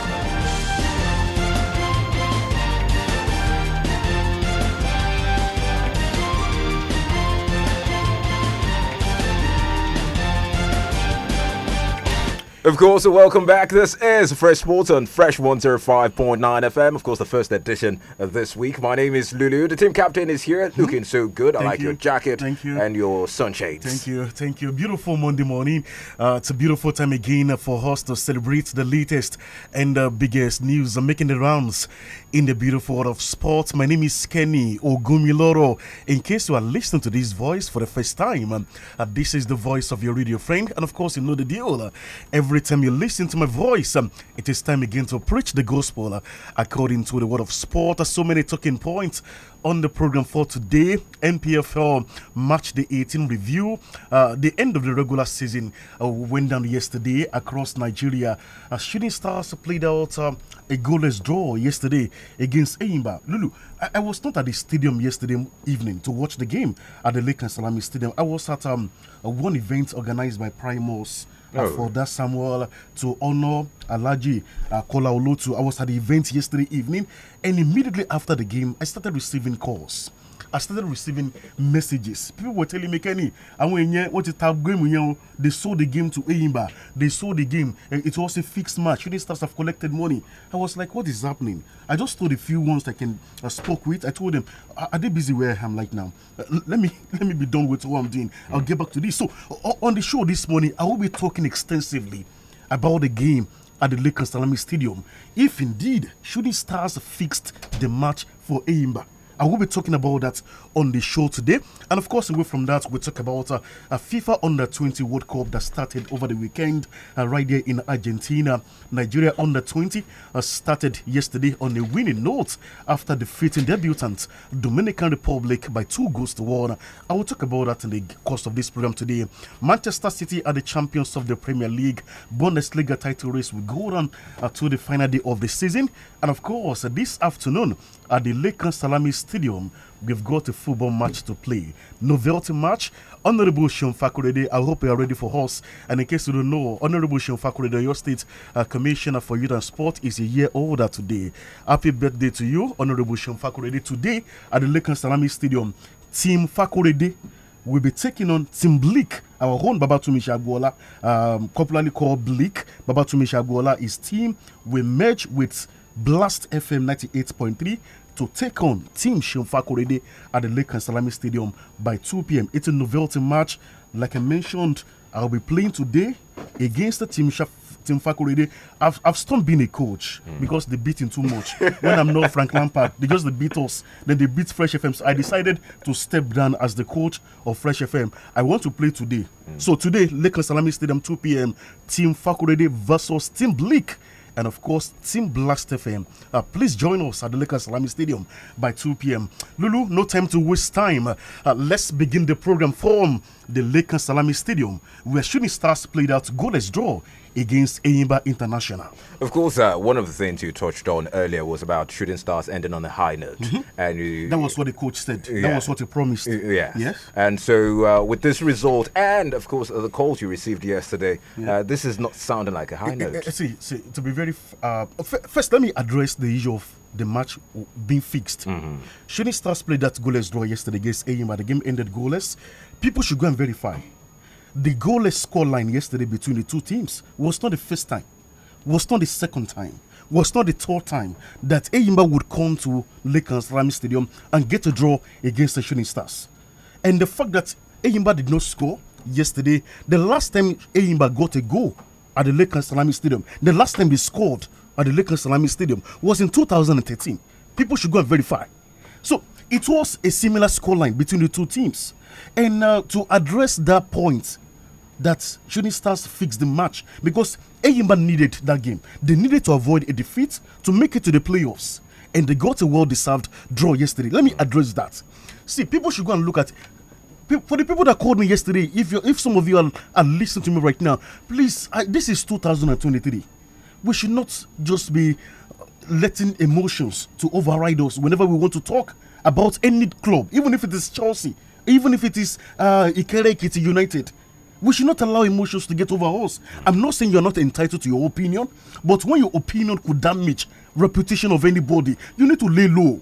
Of course, welcome back. This is Fresh Sports on Fresh 105.9 FM. Of course, the first edition of this week. My name is Lulu. The team captain is here, hmm? looking so good. Thank I like you. your jacket Thank you. and your sunshades. Thank you. Thank you. Beautiful Monday morning. Uh, it's a beautiful time again for us to celebrate the latest and the biggest news making the rounds in the beautiful world of sport. My name is Kenny Ogumiloro. In case you are listening to this voice for the first time, uh, this is the voice of your radio friend. And of course, you know the deal. Uh, every every time you listen to my voice, um, it is time again to preach the gospel uh, according to the word of sport. So many talking points on the program for today NPFL match the 18 review. Uh, the end of the regular season uh, went down yesterday across Nigeria. Uh, shooting Stars played out um, a goalless draw yesterday against Eimba. Lulu, I, I, was not at the stadium yesterday evening to watch the game at the Lake and Salami Stadium. I was at um, one event organized by Primos oh. for that Samuel to honor Alaji uh, Kola Olotu. I was at the event yesterday evening, and immediately after the game, I started receiving calls I started receiving messages. People were telling me, Kenny, I went here, what is tab game? You they sold the game to Eyimba. They sold the game. Eh, it was a fixed match. Shooting stars have collected money. I was like, what is happening? I just told a few ones I can I spoke with. I told them, are they busy where I am right now? Uh, let me let me be done with what I'm doing. I'll mm. get back to this. So on the show this morning, I will be talking extensively about the game at the Lake Salami Stadium. If indeed Shooting Stars fixed the match for Eyimba. I will be talking about that on the show today. And of course, away from that, we talk about uh, a FIFA Under 20 World Cup that started over the weekend uh, right there in Argentina. Nigeria Under 20 uh, started yesterday on a winning note after defeating debutant Dominican Republic by two goals to one. I will talk about that in the course of this program today. Manchester City are the champions of the Premier League. Bundesliga title race will go on uh, to the final day of the season. And of course, this afternoon, at the Lakers Salami Stadium. We've got a football match to play. Novelty match. Honorable Sean Fakurede, I hope you are ready for us. And in case you don't know, Honorable Sean Fakurede, your state uh, commissioner for youth and sport, is a year older today. Happy birthday to you, Honorable Sean Fakurede. Today at the Lakers Salami Stadium, Team Fakurede will be taking on Team Bleak, our own Babatumi Shagwala, um, popularly called Bleak. Babatumi Shagola is team. will merge with Blast FM 98.3 to take on Team Shimfa Korede at the Lake and Salami Stadium by 2 p.m. It's a novelty match. Like I mentioned, I'll be playing today against the Team Shaf Team Fakurede. I've, I've stopped being a coach mm. because they beat him too much. when I'm not Frank Lampard, they just they beat us. Then they beat Fresh FM. So I decided to step down as the coach of Fresh FM. I want to play today. Mm. So today, Lake and Salami Stadium, 2 p.m. Team Fakurede versus Team Bleak and of course Team Blast FM. Uh, please join us at the Lakers Salami Stadium by 2 p.m. Lulu, no time to waste time. Uh, let's begin the program from the Lakers Salami Stadium, where shooting stars played out goalless draw against Eimba International. Of course, uh, one of the things you touched on earlier was about shooting stars ending on a high note, mm -hmm. and you, that was what the coach said. Yeah. That was what he promised. Yeah. Yes. And so, uh, with this result, and of course, the calls you received yesterday, yeah. uh, this is not sounding like a high eh, eh, note. Eh, see, see, to be very uh, first, let me address the issue of the match being fixed. Mm -hmm. Shooting Stars played that goalless draw yesterday against but The game ended goalless. People should go and verify. The goalless scoreline yesterday between the two teams was not the first time, was not the second time, was not the third time that Eyimba would come to Lakers Rami Stadium and get a draw against the Shooting Stars. And the fact that Eyimba did not score yesterday, the last time Eyimba got a goal at the Lakers Salami Stadium, the last time he scored at the Lakers Salami Stadium was in 2013. People should go and verify. So it was a similar scoreline between the two teams. And uh, to address that point, that Shooting Stars fixed the match because Eyimba needed that game. They needed to avoid a defeat to make it to the playoffs. And they got a well deserved draw yesterday. Let me address that. See, people should go and look at for the people that called me yesterday, if you if some of you are, are listening to me right now, please, I, this is 2023. We should not just be letting emotions to override us whenever we want to talk about any club, even if it is Chelsea, even if it is uh, Ikere United. We should not allow emotions to get over us. I'm not saying you're not entitled to your opinion, but when your opinion could damage reputation of anybody, you need to lay low.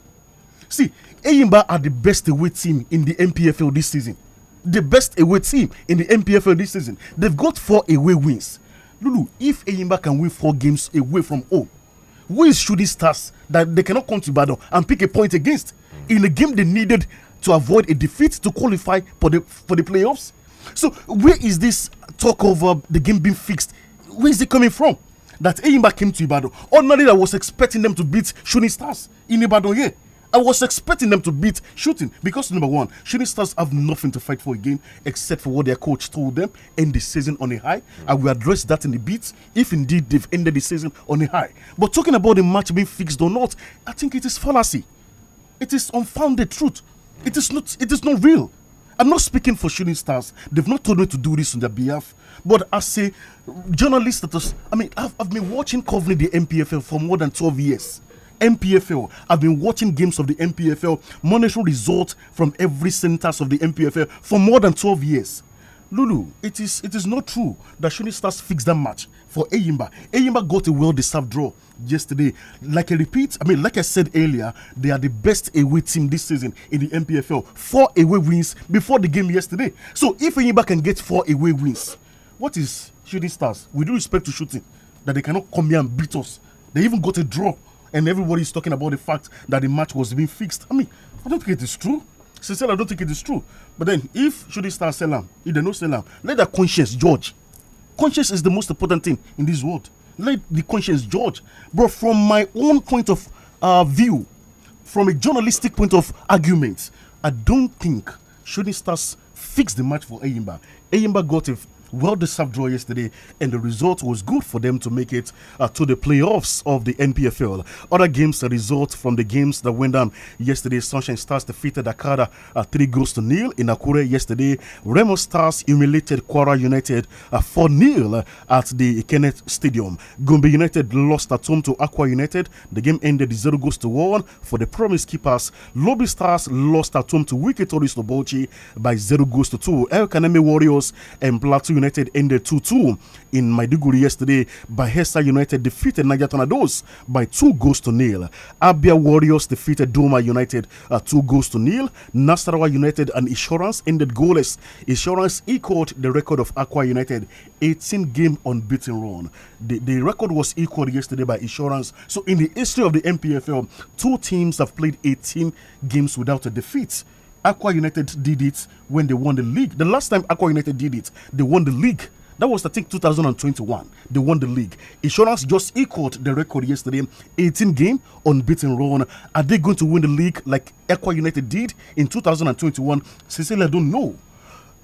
See, Eyimba are the best away team in the MPFL this season. The best away team in the MPFL this season. They've got four away wins. Lulu, if Eyimba can win four games away from home, who is shooting stars that they cannot come to battle and pick a point against in a game they needed to avoid a defeat to qualify for the for the playoffs? So where is this talk of uh, the game being fixed? Where is it coming from? That Eyimba came to Ibadan. Ordinarily, I was expecting them to beat Shooting Stars in Ibadan here. I was expecting them to beat Shooting because number one, Shooting Stars have nothing to fight for again except for what their coach told them end the season on a high. I will address that in a bit if indeed they've ended the season on a high. But talking about the match being fixed or not, I think it is fallacy. It is unfounded truth. It is not. It is not real. I'm not speaking for shooting stars. They've not told me to do this on their behalf. But as a journalist, that was, I mean, I've, I've been watching covering the MPFL for more than 12 years. MPFL. I've been watching games of the MPFL, monitoring results from every centers of the MPFL for more than 12 years. Lulu, it is it is not true that Shooting Stars fixed that match for Eyimba. Eyimba got a well-deserved draw yesterday. Like I repeat, I mean, like I said earlier, they are the best away team this season in the MPFL. Four away wins before the game yesterday. So if Eyimba can get four away wins, what is Shooting Stars? With due respect to shooting, that they cannot come here and beat us. They even got a draw, and everybody is talking about the fact that the match was being fixed. I mean, I don't think it is true. Sincerely, I don't think it is true. But then, if should he start selling, if they no sell them, let the conscience judge. Conscience is the most important thing in this world. Let the conscience judge. But from my own point of uh, view, from a journalistic point of argument, I don't think shooting stars fixed the match for Ayimba. Ayimba got a well deserved draw yesterday, and the result was good for them to make it uh, to the playoffs of the NPFL. Other games, the result from the games that went down yesterday Sunshine Stars defeated Akara uh, 3 goals to nil in Akure yesterday. Remo Stars humiliated Quara United uh, 4 nil uh, at the Kenneth Stadium. Gombe United lost at home to Aqua United. The game ended 0 goals to 1 for the promise keepers. Lobby Stars lost at home to Wiki Toris Obochi by 0 goals to 2. El Kaneme Warriors and Plateau United ended 2 2 in Maiduguri yesterday. Bahesa United defeated Niger Tornadoes by 2 goals to nil. Abia Warriors defeated Doma United uh, 2 goals to nil. Nasarawa United and Insurance ended goalless. Insurance equaled the record of Aqua United 18 game unbeaten run. The, the record was equaled yesterday by Insurance. So in the history of the MPFL, two teams have played 18 games without a defeat. Aqua United did it when they won the league. The last time Aqua United did it, they won the league. That was, I think, 2021. They won the league. Insurance just equaled the record yesterday 18 game unbeaten run. Are they going to win the league like Aqua United did in 2021? Cecilia, don't know.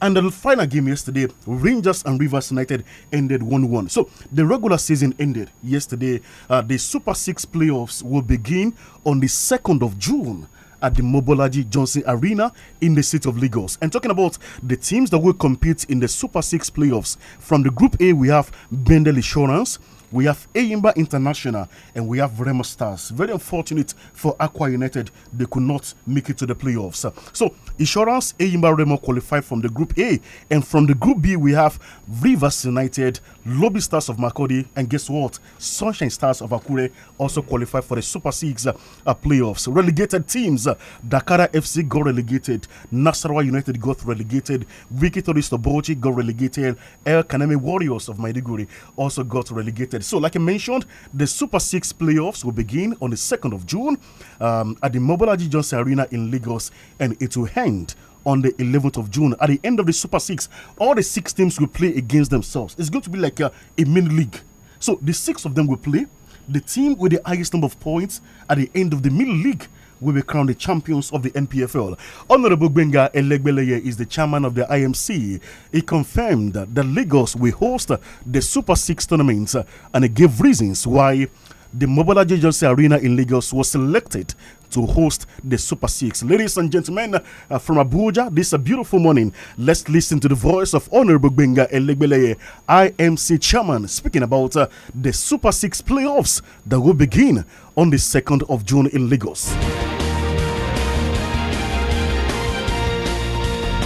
And the final game yesterday, Rangers and Rivers United ended 1 1. So the regular season ended yesterday. Uh, the Super Six playoffs will begin on the 2nd of June at the Mobolaji Johnson Arena in the state of Lagos. And talking about the teams that will compete in the Super 6 playoffs, from the Group A, we have Bendel Insurance. We have Ayimba International and we have Remo Stars. Very unfortunate for Aqua United, they could not make it to the playoffs. So, Insurance Ayimba Remo qualified from the Group A, and from the Group B, we have Rivers United, Lobby Stars of Makodi, and guess what? Sunshine Stars of Akure also qualified for the Super Six uh, playoffs. Relegated teams, uh, Dakara FC got relegated, Nasarawa United got relegated, Vikitoris Tobochi got relegated, El Kaneme Warriors of Maiduguri also got relegated. So, like I mentioned, the Super Six playoffs will begin on the 2nd of June um, at the Mobile Johnson Arena in Lagos, and it will end on the 11th of June. At the end of the Super Six, all the six teams will play against themselves. It's going to be like a, a mini league. So the six of them will play. The team with the highest number of points at the end of the mini league will be crowned the champions of the NPFL. Honorable Benga Elegbeleye is the chairman of the IMC. He confirmed that Lagos will host the Super Six tournaments and he gave reasons why the Mobile Johnson Arena in Lagos was selected to host the Super Six. Ladies and gentlemen uh, from Abuja, this is a beautiful morning. Let's listen to the voice of Honorable Benga Elegbeleye, IMC chairman, speaking about uh, the Super Six playoffs that will begin on the 2nd of June in Lagos.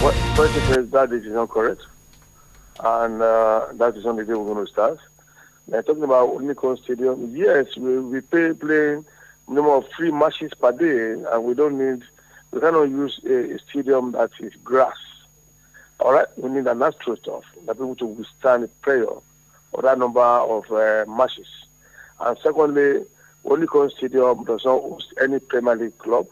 What, first of all, that is not correct. And uh, that is on the day we're going to start talking about Unicon Stadium. Yes, we, we pay playing number of three matches per day, and we don't need, we cannot use a, a stadium that is grass. All right, we need an astroturf that people to withstand prayer or that number of uh, matches. And secondly, Olicon Stadium does not host any Premier League club.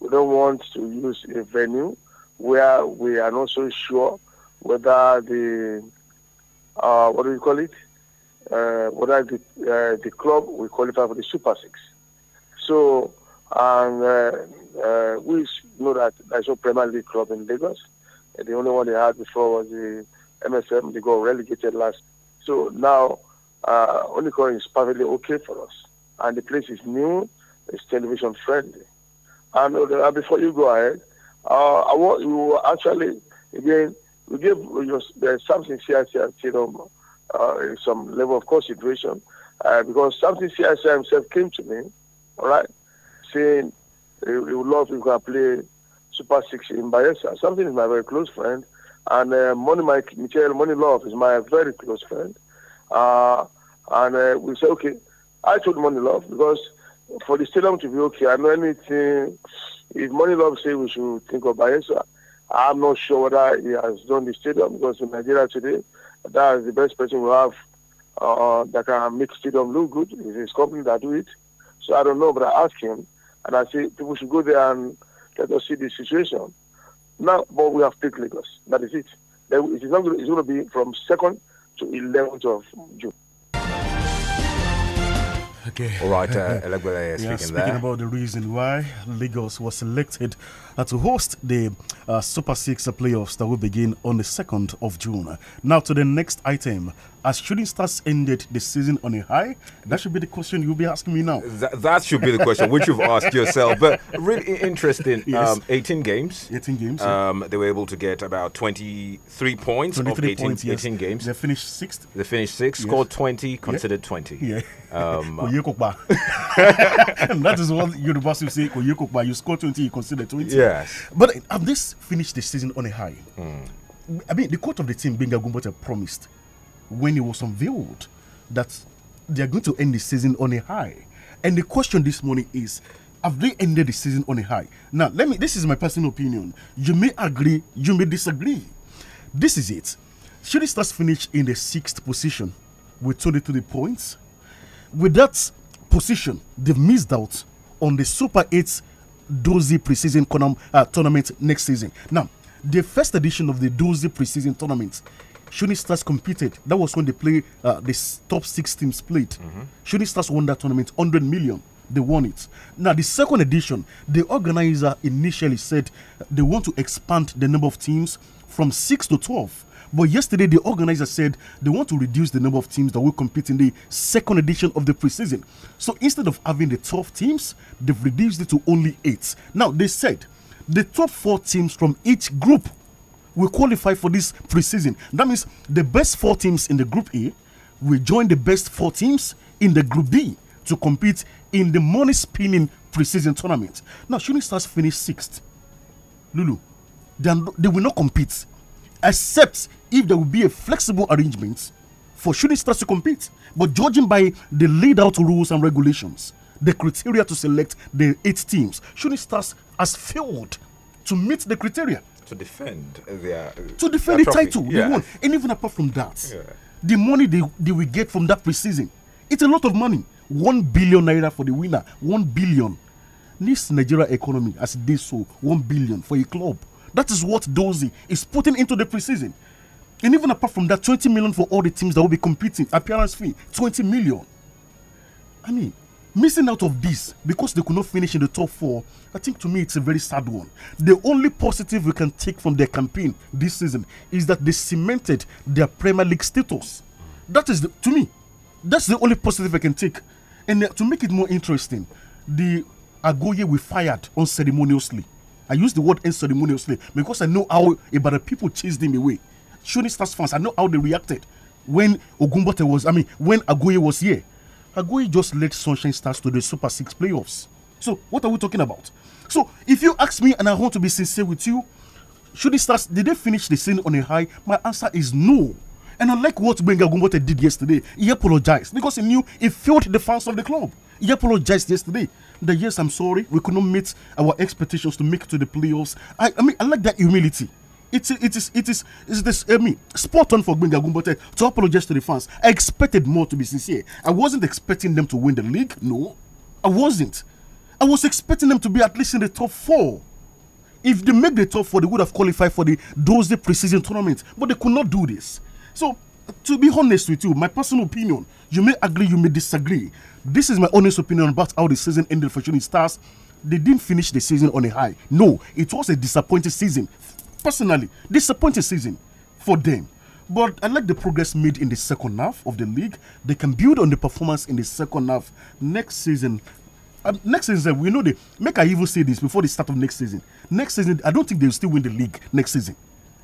We don't want to use a venue where we are not so sure whether the, uh, what do you call it, uh, whether the, uh, the club will qualify for the Super Six. So, and uh, uh we know that there's no Premier League club in Lagos. Uh, the only one they had before was the MSM. They got relegated last. So now, uh, Onikor is perfectly okay for us. And the place is new. It's television friendly. And uh, before you go ahead, I want you actually again we give you uh, something here, and uh, some level of consideration uh, because something CSI himself came to me, all right, saying he would love if I play Super Six in Bayelsa. Something is my very close friend, and uh, Money Mike Michel Money Love is my very close friend, uh, and uh, we said okay. I told Money Love because for the stadium to be okay, I know anything. If Money Love say we should think of Bayelsa, I'm not sure whether he has done the stadium because in Nigeria today, that is the best person we have uh, that can make stadium look good. It's his company that do it. So I don't know, but I ask him, and I say people should go there and let us see the situation. Now, but we have picked Lagos. That is it. It is not. it's going to be from second to 11th of June. Okay. All right, uh, Elegbele speaking yeah, speaking there. about the reason why Lagos was selected uh, to host the uh, Super Six playoffs that will begin on the 2nd of June. Now to the next item. As Shooting Stars ended the season on a high, that should be the question you'll be asking me now. That, that should be the question which you've asked yourself. But really interesting. Yes. Um, 18 games. 18 games. Um, They were able to get about 23 points 23 of 18, points, yes. 18, games. They finished sixth. They finished sixth, yes. scored 20, considered yeah. 20. Yeah. Um, that is what University say, You score 20, you consider 20. Yes. But have this finished the season on a high? Mm. I mean, the coach of the team, Benga Gumbote, promised when it was unveiled that they are going to end the season on a high. And the question this morning is have they ended the season on a high? Now, let me this is my personal opinion. You may agree, you may disagree. This is it. Shooting starts finish in the sixth position with the points. With that position, they've missed out on the Super 8 Dozy preseason uh, tournament next season. Now, the first edition of the Dozy preseason tournament Shooting Stars competed. That was when they play uh, the top six teams played. Mm -hmm. Shooting Stars won that tournament, 100 million. They won it. Now, the second edition, the organizer initially said they want to expand the number of teams from six to 12. But yesterday, the organizer said they want to reduce the number of teams that will compete in the second edition of the preseason. So instead of having the 12 teams, they've reduced it to only eight. Now, they said the top four teams from each group will qualify for this preseason. That means the best four teams in the Group A will join the best four teams in the Group B to compete in the money spinning preseason tournament. Now, Shooting Stars finish sixth. Lulu, then they will not compete except if there will be a flexible arrangement for shooting stars to compete. But judging by the laid out rules and regulations, the criteria to select the eight teams, shooting stars has failed to meet the criteria to defend their uh, to defend their the trophy. title yeah. they won. And even apart from that, yeah. the money they, they will get from that preseason, it's a lot of money. One billion naira for the winner. One billion. This Nigeria economy as they so, one billion for a club. That is what Dozy is putting into the preseason. And even apart from that, 20 million for all the teams that will be competing, appearance fee, 20 million. I mean, Missing out of this because they could not finish in the top four, I think to me it's a very sad one. The only positive we can take from their campaign this season is that they cemented their Premier League status. That is, the, to me, that's the only positive I can take. And uh, to make it more interesting, the Agoye we fired unceremoniously. I use the word unceremoniously because I know how about the people chased him away. Shooting Stars fans, I know how they reacted when Ogumbote was, I mean, when Agoye was here. Agui just led Sunshine Stars to the Super Six playoffs. So what are we talking about? So if you ask me, and I want to be sincere with you, should the Stars did they finish the season on a high? My answer is no. And unlike what Benga Gumbote did yesterday, he apologized because he knew he failed the fans of the club. He apologized yesterday that yes, I'm sorry, we could not meet our expectations to make it to the playoffs. I, I mean, I like that humility. It is, it is, it is, is this, I mean, spot on for Gbenga Gumbote to apologize to the fans. I expected more, to be sincere. I wasn't expecting them to win the league. No, I wasn't. I was expecting them to be at least in the top four. If they make the top four, they would have qualified for the Thursday precision tournament, but they could not do this. So, to be honest with you, my personal opinion, you may agree, you may disagree. This is my honest opinion about how the season ended for Shooting Stars. They didn't finish the season on a high. No, it was a disappointing season Personally, disappointing season for them. But I like the progress made in the second half of the league. They can build on the performance in the second half next season. next season, we know they make I even say this before the start of next season. Next season, I don't think they'll still win the league next season.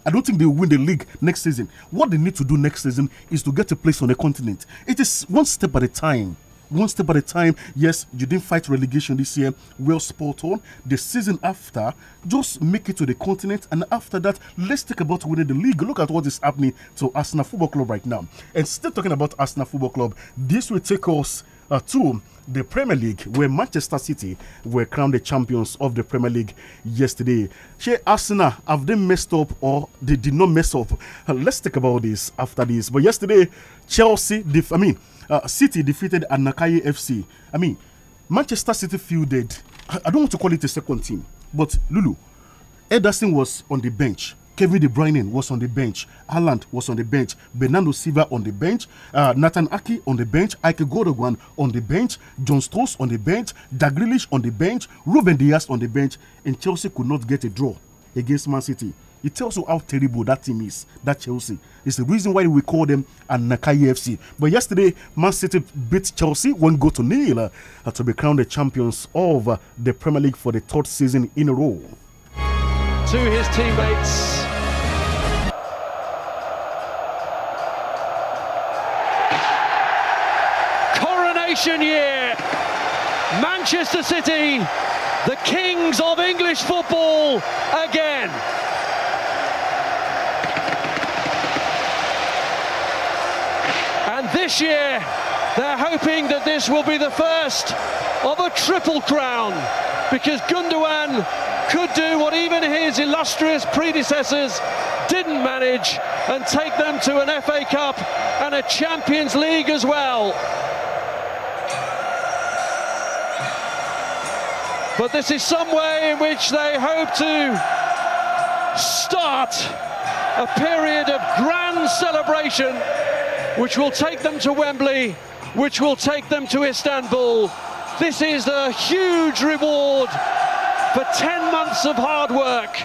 I don't think they will win the league next season. What they need to do next season is to get a place on the continent. It is one step at a time one step at a time. Yes, you didn't fight relegation this year. Well spot on. The season after, just make it to the continent. And after that, let's talk about winning the league. Look at what is happening to Arsenal Football Club right now. And still talking about Arsenal Football Club, this will take us uh, to the Premier League, where Manchester City were crowned the champions of the Premier League yesterday. She Arsenal, have they messed up or they did not mess up? Uh, let's talk about this after this. But yesterday, Chelsea, I mean, uh, City defeated Anakai FC. I mean, Manchester City fielded, I don't want to call it a second team, but Lulu, Ederson was on the bench. Kevin De Bruyne was on the bench. Haaland was on the bench. Bernardo Silva on the bench. Uh, Nathan Aki on the bench. Ike Godogan on the bench. John Stones on the bench. Dagrilish on the bench. Ruben Diaz on the bench. And Chelsea could not get a draw against Man City. It tells you how terrible that team is, that Chelsea. It's the reason why we call them Nakai FC. But yesterday, Man City beat Chelsea one goal to nil uh, to be crowned the champions of uh, the Premier League for the third season in a row. To his teammates. Coronation year! Manchester City, the kings of English football again. And this year, they're hoping that this will be the first of a triple crown because Gundogan could do what even his illustrious predecessors didn't manage and take them to an FA Cup and a Champions League as well. But this is some way in which they hope to start a period of grand celebration which will take them to Wembley, which will take them to Istanbul. This is a huge reward for 10 months of hard work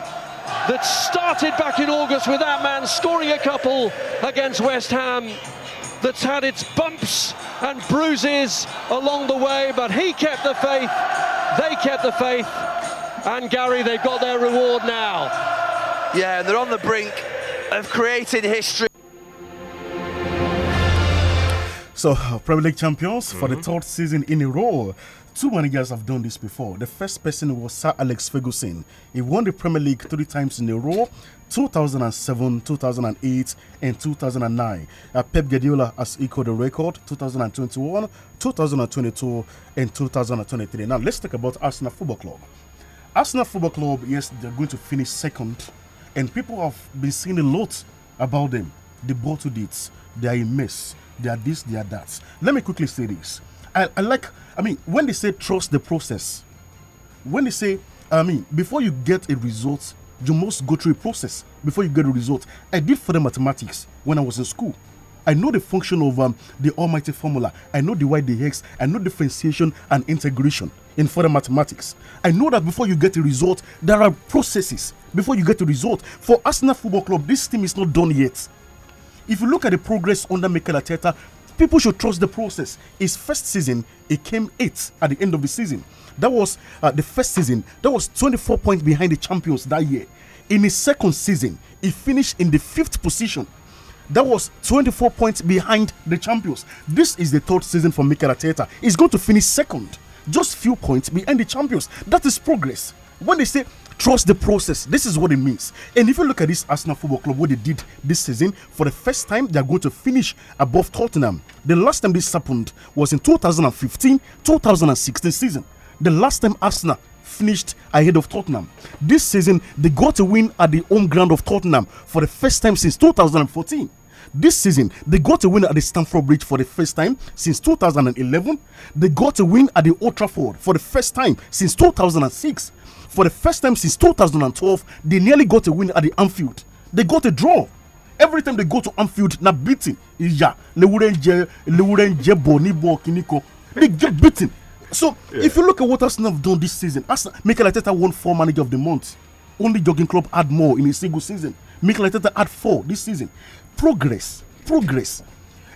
that started back in August with that man scoring a couple against West Ham that's had its bumps and bruises along the way, but he kept the faith they kept the faith, and Gary, they've got their reward now. Yeah, and they're on the brink of creating history. So, Premier League champions mm -hmm. for the mhm. third season in a row. Two managers have done this before. The first person was Sir Alex Ferguson. He won the Premier League three times in a row. 2007, 2008, and 2009. Uh, Pep Guardiola has equaled the record 2021, 2022, and 2023. Now let's talk about Arsenal Football Club. Arsenal Football Club, yes, they're going to finish second, and people have been saying a lot about them. They bottled it. They are a mess. They are this. They are that. Let me quickly say this. I, I like. I mean, when they say trust the process, when they say, I mean, before you get a result, you must go through a process before you get a result. I did further mathematics when I was in school. I know the function of um, the almighty formula. I know the y, the x. I know differentiation and integration in further mathematics. I know that before you get a result, there are processes before you get a result. For Arsenal Football Club, this team is not done yet. If you look at the progress under Mikel Arteta, people should trust the process. His first season, he came eighth at the end of the season. That was uh, the first season. That was 24 points behind the champions that year. In his second season, he finished in the fifth position. That was 24 points behind the champions. This is the third season for Mikel Arteta. He's going to finish second, just few points behind the champions. That is progress. When they say trust the process. This is what it means. And if you look at this Arsenal Football Club, what they did this season, for the first time, they're going to finish above Tottenham. The last time this happened was in 2015 2016 season. The last time Arsenal finished ahead of Tottenham. This season, they got a win at the home ground of Tottenham for the first time since 2014. This season, they got a win at the Stamford Bridge for the first time since 2011. They got a win at the Old Trafford for the first time since 2006. For the first time since 2012, they nearly got a win at the Anfield. They got a draw. Every time they go to Anfield, not beating. Yeah, they would They get beaten. So yeah. if you look at what Arsenal have done this season, Arsenal, Mikel Arteta won four manager of the month. Only jogging club had more in a single season. Mikel Arteta had four this season. Progress, progress,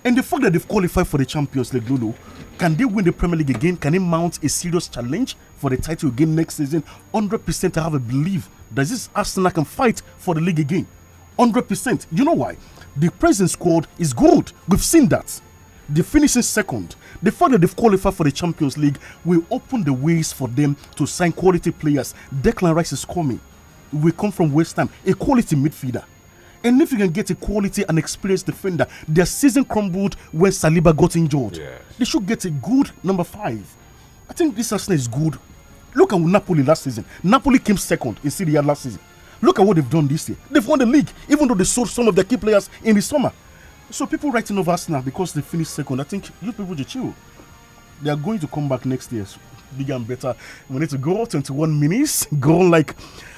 and the fact that they've qualified for the Champions League, Lulu, can they win the Premier League again? Can they mount a serious challenge for the title again next season? Hundred percent, I have a belief that this Arsenal can fight for the league again. Hundred percent. You know why? The present squad is good. We've seen that. They finishing second the fact that they've qualified for the Champions League will open the ways for them to sign quality players. Declan Rice is coming. We come from West Ham, a quality midfielder. And if you can get a quality and experienced defender, their season crumbled when Saliba got injured. Yes. They should get a good number five. I think this Arsenal is good. Look at Napoli last season. Napoli came second in Serie A last season. Look at what they've done this year. They've won the league, even though they sold some of their key players in the summer. So people writing over Arsenal because they finished second, I think you people should chill. They are going to come back next year bigger and better. We need to go 21 minutes, go like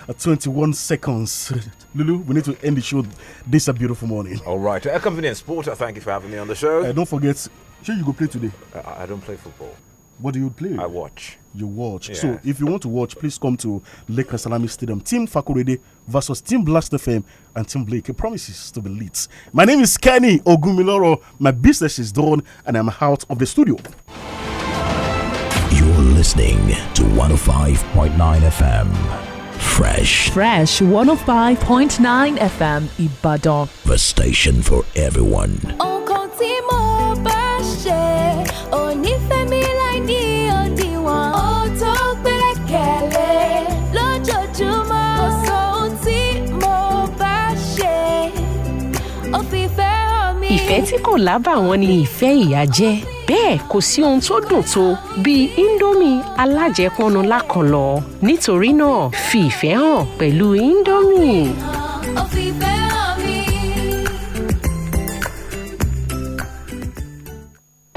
uh, 21 seconds. Lulu, we need to end the show this a beautiful morning. All right. Air Company and sporter. thank you for having me on the show. Uh, don't forget, should you go play today? I, uh, I don't play football. What do you play? I watch. You watch. Yeah. So if you want to watch, please come to Lake Salami Stadium. Team Fakurede versus Team Blast FM and Team Blake. It promises to be lit. My name is Kenny Ogumiloro. My business is done and I'm out of the studio. You're listening to 105.9 FM. Fresh. Fresh 105.9 FM Ibadan. The station for everyone. ìfẹ́ tí kò lábàwọ́n ni ìfẹ́ ìyá jẹ́ bẹ́ẹ̀ kò sí ohun tó dùn tó bíi indomie alájẹpọnu lákànlọ́ nítorí náà fi ìfẹ́ hàn pẹ̀lú indomie.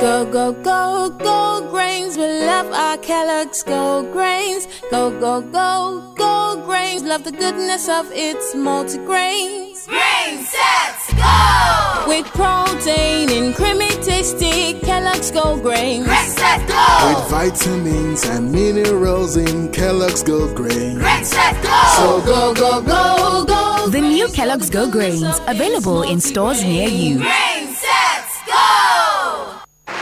Go, go, go, go grains. We love our Kellogg's Go grains. Go, go, go, go grains. Love the goodness of its multigrain. Green sets go! With protein and creamy tasty Kellogg's Go Grain. Green sets go! With vitamins and minerals in Kellogg's Go Grain. Green sets go! So go, go, go, go! The new Kellogg's Go Grains, available in stores near you. Green sets go!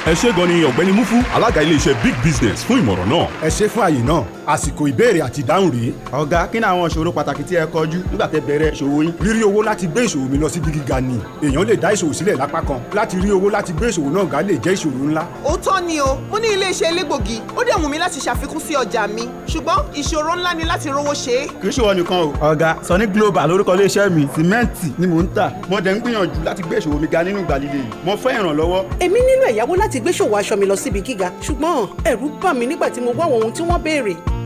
ẹ ṣé gan ni ọ̀gbẹ́ni mufu alága iléeṣẹ́ big business fún ìmọ̀ràn náà. ẹ ṣé fún àyè náà àsìkò ìbéèrè àti ìdáhùn rèé. ọ̀gá kí ni àwọn ìṣòro pàtàkì tí ẹ kọjú nígbà tẹ́ bẹ̀rẹ̀ ìṣòwò yín. rírí owó láti gbé ìṣòwò mi lọ sí ibi gíga ni èèyàn lè dá ìṣòwò sílẹ̀ lápá kan láti rí owó láti gbé ìṣòwò náà ga lè jẹ́ ìṣòro ńlá. òótọ́ ni o mo ní ilé-iṣẹ́ elégbògi ó dẹ̀ wù mí láti ṣàfikún sí ọjà mi ṣùgbọ́n ìṣòro ńlá ni láti rówó ṣe é. kì í Global lórúkọ iléeṣẹ́ mi sìmẹ́ǹtì ni mo dẹ̀ ń gbìyànjú láti gbé mi ga nínú ìgbàlejò mo fẹ́ ìrànlọ́wọ́. èmi nílò ẹ̀yáwó láti gbé ṣòwò aṣọ mi lọ síbi gíga ṣùgbọ́n ẹ̀rù bà mí nígbà tí mo wá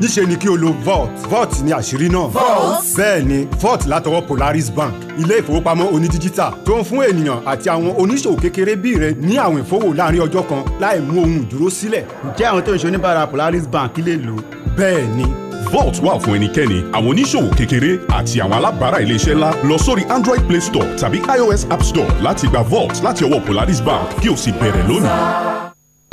níṣẹ́ ni kí o lo vault vault ni àṣírí náà vault bẹ́ẹ̀ ni vault látọwọ́ Polaris Bank ilé ìfowópamọ́ onídíjítà tó ń fún ènìyàn àti àwọn oníṣòwò kékeré bíi rẹ ní àwìn ìfowó láàrin ọjọ́ kan láì mú ohun ìdúró sílẹ̀. ǹjẹ́ àwọn tó ń ṣe oníbàárà Polaris Bank lè lò. bẹ́ẹ̀ ni vault wà fún ẹnikẹ́ni àwọn oníṣòwò kékeré àti àwọn alábàárà iléeṣẹ́ ńlá lọ sórí android play store tàbí ios app store láti gba vault láti ọwọ́ polaris bank kí o sì bẹ̀rẹ̀ lónìí.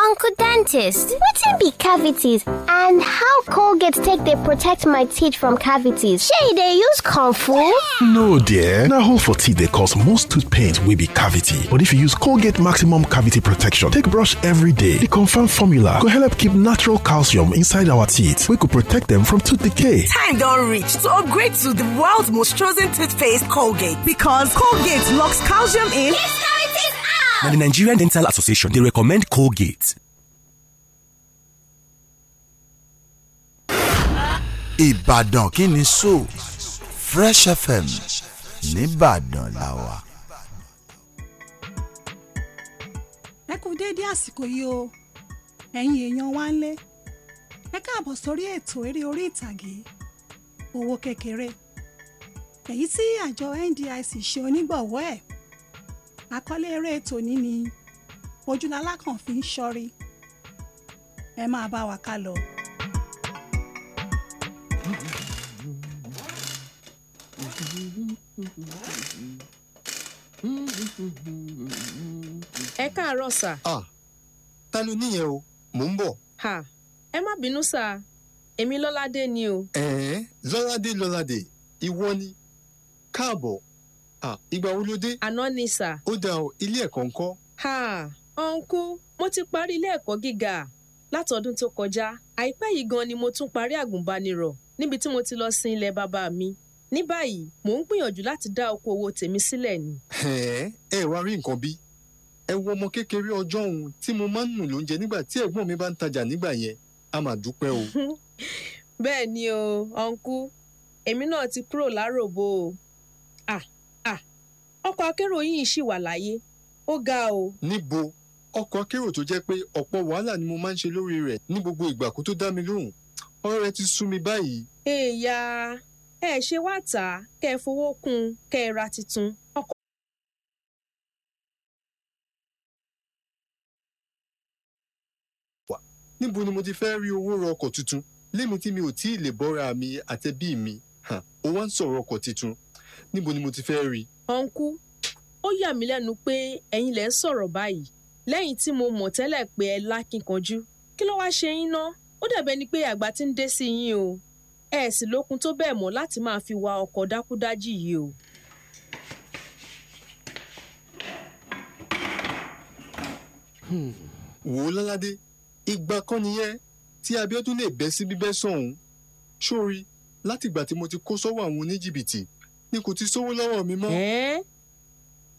Uncle Dentist, what can be cavities and how Colgate take they protect my teeth from cavities? Shay, they use Kung Fu? No dear, na hole for teeth they cause most tooth pains will be cavity. But if you use Colgate Maximum Cavity Protection take brush every day, the confirmed formula could help keep natural calcium inside our teeth We could protect them from tooth decay. Time don't reach to upgrade to the world's most chosen toothpaste Colgate because Colgate locks calcium in. Yes, Now, the Nigerian Dental Association, they recommend Colgate. Ìbàdàn kí ni sọ Fresh FM nìbàdàn la wà. Ẹ kú déédé àsìkò yìí o ẹ̀yin èèyàn wa ń lé ẹ káàbọ̀ sórí ètò eré orí ìtàgé owó kékeré èyí tí àjọ NDIC ṣe onígbọ̀wọ́ ẹ̀ àkọlé eré tòní ni Mojúnlá kàn fi ń ṣọ́rí ẹ máa bá wa ká lọ. ẹ káàárọ̀ sà. ta ló níyẹn o mò ń bọ. ẹ má bínú sà èmi ni o. ẹ̀ẹ́n lọ́ládé lolade ìwọ ni káàbọ̀ ìgbà wo ló dé. àná ni sà. ó dà o ilé ẹ̀kọ́ ńkọ́. ha ọ̀nkú mo ti parí ilé ẹ̀kọ́ gíga látọdún tó kọjá àìpẹ́ yìí gan ni mo tún parí àgùnbánirọ̀ níbi tí mo ti lọ sin ilẹ̀ bàbá mi ní báyìí mò ń gbìyànjú láti dá okòwò tèmi sílẹ̀ ni. ẹ ẹ wá rí nǹkan bí ẹ wo ọmọ kékeré ọjọ́ òun tí mo máa ń nù lóúnjẹ nígbà tí ẹ̀gbọ́n mi bá ń tajà nígbà yẹn a mà dúpẹ́ o. bẹ́ẹ̀ ni o ọ̀nkú èmi náà ti kúrò láròbó o ọkọ̀ akérò yìí ṣì wà láyé ó ga o. níbo ọkọ̀ akérò tó jẹ́ pé ọ̀pọ̀ wàhálà ni mo máa ń ṣe lórí rẹ̀ ní gbogbo ìgbà kó tó dá mi lóhùn ọ̀rọ̀ rẹ̀ ti sú mi báyìí. èèyà ẹ ṣe wá tà á kẹ ẹ fowó kún un kẹ ẹ ra tuntun níbo ni mo ti fẹ́ rí owó ra ọkọ̀ tuntun lémi tí mi ò tí ì lè bọ́ra mi àtẹbí mi ó wá ń sọ̀rọ̀ ọkọ̀ tuntun níbo ni mo ti fẹ́ rí i. ọ̀nkú ó yà mí lẹ́nu pé ẹ̀yin lẹ́ ń sọ̀rọ̀ báyìí lẹ́yìn tí mo mọ̀ tẹ́lẹ̀ pé ẹ lákínkanjú kí ló wáá ṣe yín ná ó dàbẹ́ ni pé àgbà ti ń dé sí yín o ẹ sì lókun tó bẹ́ẹ̀ mọ̀ láti máa fi wa ọkọ̀ dákúdájì yìí o. Hmm. wò ó lọ́ládé ìgbà kan nìyẹn tí Abíọ́dún lè bẹ́ sí bíbẹ́ sọ̀hún sórí látìgbà tí mo ti kó sọ́wọ́ àwọn oníjìbìtì ni kò ti sówó lọ́wọ́ mi mọ́.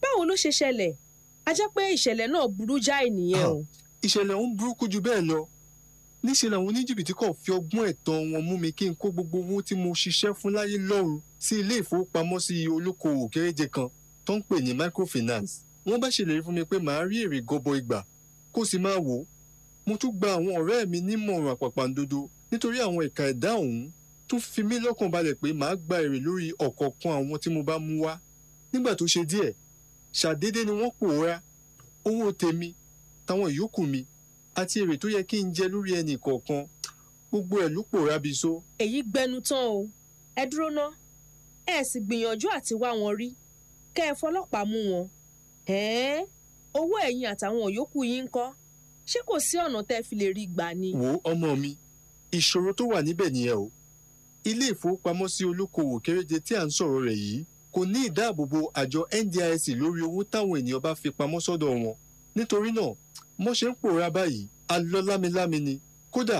báwo ló ṣe ṣẹlẹ̀ a jẹ́ pé ìṣẹ̀lẹ̀ náà burú jáì nìyẹn o. Ah, ìṣẹ̀lẹ̀ ọ̀hún burúkú ju bẹ́ẹ̀ lọ níṣẹ́ làwọn oníjìbìtì kan fi ọgbọ́n ẹ̀tọ́ wọn mú mi kí n kó gbogbo owó tí mo ṣiṣẹ́ fún láyé lọ́run sí ilé ìfowópamọ́sí olókoòwò kéréje kan tó ń pè ní microfinance wọ́n bá ṣèlérí fún mi pé màá rí èrè gọbọi gbà kó sì máa wò ó mo tún gba àwọn ọ̀rẹ́ mi nímọ̀ràn àpàpàǹdodo nítorí àwọn ìka ẹ̀dá ọ̀hún tún fi mí lọ́kàn balẹ̀ pé màá gba èrè lórí ọ̀kọ̀ọ̀kan àwọn tí mo bá mú wá nígbà tó ṣe díẹ̀ ṣàdédé ni wọ́n pòórá owó tèmi táwọn ìyókù mi àti èrè tó yẹ kí n jẹ lórí ẹnì kọ̀ọ̀kan gbogbo ẹ̀ ló pòórá bí so. èyí gbẹnu tán o ẹ dúró ná ẹ sì gbìyànjú àti wá wọn rí kẹ́ ẹ fọlọ́pàá mú wọn ẹ̀ẹ́n owó ẹ̀yin àtàwọn yòókù yín ń kọ́ ṣé kò sí ọ̀nà tẹ́ fi lè rí gbà ni. wo ọmọ mi ìṣòro tó wà níbẹ̀ nìyẹn o ilé ìfowópamọ́sí olókoòwò kéréje tí à ń sọ̀rọ̀ rẹ̀ yìí kò ní ìdáàbòbò àjọ NDIC lórí owó táwọn ènìyàn bá fi pamọ́ sọ́dọ̀ wọn nítorí náà mo ṣe ń pòórá báyìí alọ́ lámilámi ni kódà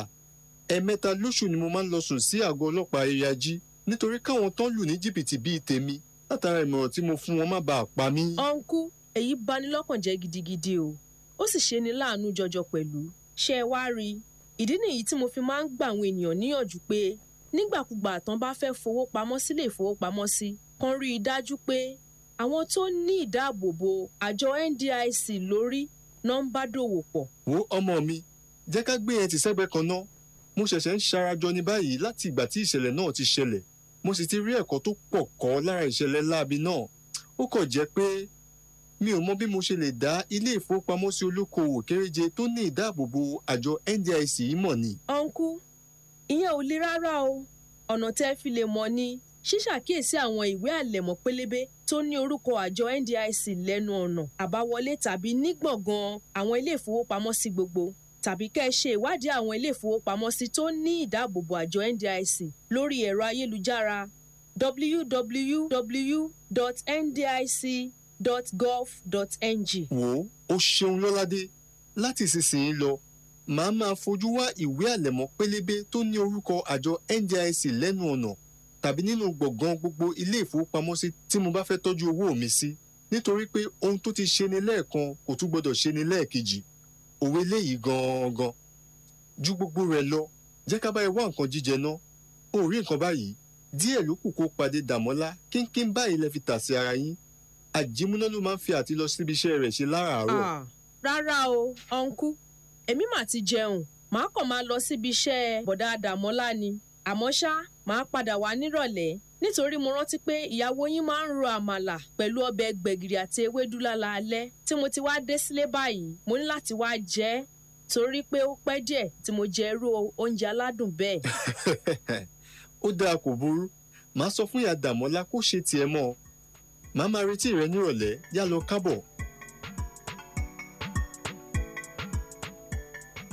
ẹ̀ẹ̀mẹ́ta lóṣù ni mo máa ń lọ sùn sí àgọ́ ọlọ́pàá area G nítorí káwọn tán lù ní jìbìtì bíi tèmi látara ìmọ̀ràn tí mo fún wọn má bàa pa mí. ọ̀nkú èyí bani lọ́kàn jẹ́ gidigidi o ó sì ṣe ni láàánú jọjọ pẹ̀lú ṣé ẹ wá rí i ìdí nìyí tí mo fi máa ń gba àwọn ènìyàn níyànjú pé nígbàkúgbà tán bá fẹ́ fowó pamọ́ sílé ìfowópamọ́sí kan rí i dájú pé àwọn tó ní ìdáàbòbò àjọ NDIC lórí náà dòwò pọ̀. wo ọmọ mi jẹ́ ká gbé ẹ ti sẹ́gbẹ́ kan ná mo ṣẹ̀ṣẹ̀ ń ṣarajọ ní báyìí láti ìgbà tí ìṣẹ̀lẹ̀ náà ti ṣẹlẹ̀ mo sì ti rí ẹ̀kọ́ tó pọ̀ kọ́ lára ìṣẹ̀lẹ̀ láabi náà ó kàn jẹ́ pé mi ò mọ bí mo ṣe lè dá ilé ìfowópamọ́sí olókoòwò kéréje tó ní ìdáàbòbò àjọ NDIC yìí mọ̀ ni. ọ̀nkú ìyẹn ò le rárá o ọ̀nà tẹ́ fi lè mọ̀ ni ṣíṣàkíyèsí àwọn ìwé àlẹ̀mọ́ pélébé tó ní orúkọ àjọ NDIC lẹ́nu ọ̀nà àbáwọlé tàbí ní gbọ̀ngàn àwọn ilé ìfowópamọ́sí gbogbo tàbí kẹ́ ẹ ṣe ìwádìí àwọn ilé ìfowópamọ́sí tó ní ìdáàbòbò àjọ NDIC lórí ẹ̀rọ ayélujára www.ndic.gov.ng. wo o ṣeun lọ́ládé láti ìsinsìnyí lọ màá máa fojú wá ìwé àlẹ̀mọ́ pélébé tó ní orúkọ àjọ NDIC lẹ́nu ọ̀nà tàbí nínú gbọ̀ngàn gbogbo ilé ìfowópamọ́sí tí mo bá fẹ́ tọ́jú owó mi sí nítorí pé ohun tó ti ṣe ni lẹ́ẹ̀kan kò tún gbọ́dọ̀ ṣe ni lẹ́ẹ̀kejì òwe léyìí gangan ju gbogbo rẹ̀ lọ jẹ́ ká báyìí wá nǹkan jíjẹ ná ó rí nǹkan báyìí díẹ̀ ló kù kó padé dàmọ́lá kínkín báyìí lẹ fi tà sí ara yín àjímúná ló máa ń fi àti lọ síbi iṣẹ́ rẹ̀ ṣe láràárọ̀. Ah, rárá o ọ̀nkú èmi mà ti jẹun màá kàn máa lọ síbi iṣẹ́ bọ̀dá àdàmọ́lá ni àmọ́ ṣá màá padà wá nírọ̀lẹ́ nítorí mo rántí pé ìyàwó yín máa ń ro àmàlà pẹ̀lú ọbẹ̀ gbẹ̀gìrì àti ewédú lálaalẹ́ tí mo ti wá dé sílé báyìí mo ní láti wá jẹ ẹ́ torí pé ó pẹ́ díẹ̀ tí mo jẹ irú oúnjẹ aládùn bẹ́ẹ̀. ó dáa kò burú màá sọ fún ìyá dàmọ́lá kó ṣe tiẹ̀ mọ́ ọ màá máa retí rẹ nírọ̀lẹ́ yá lọ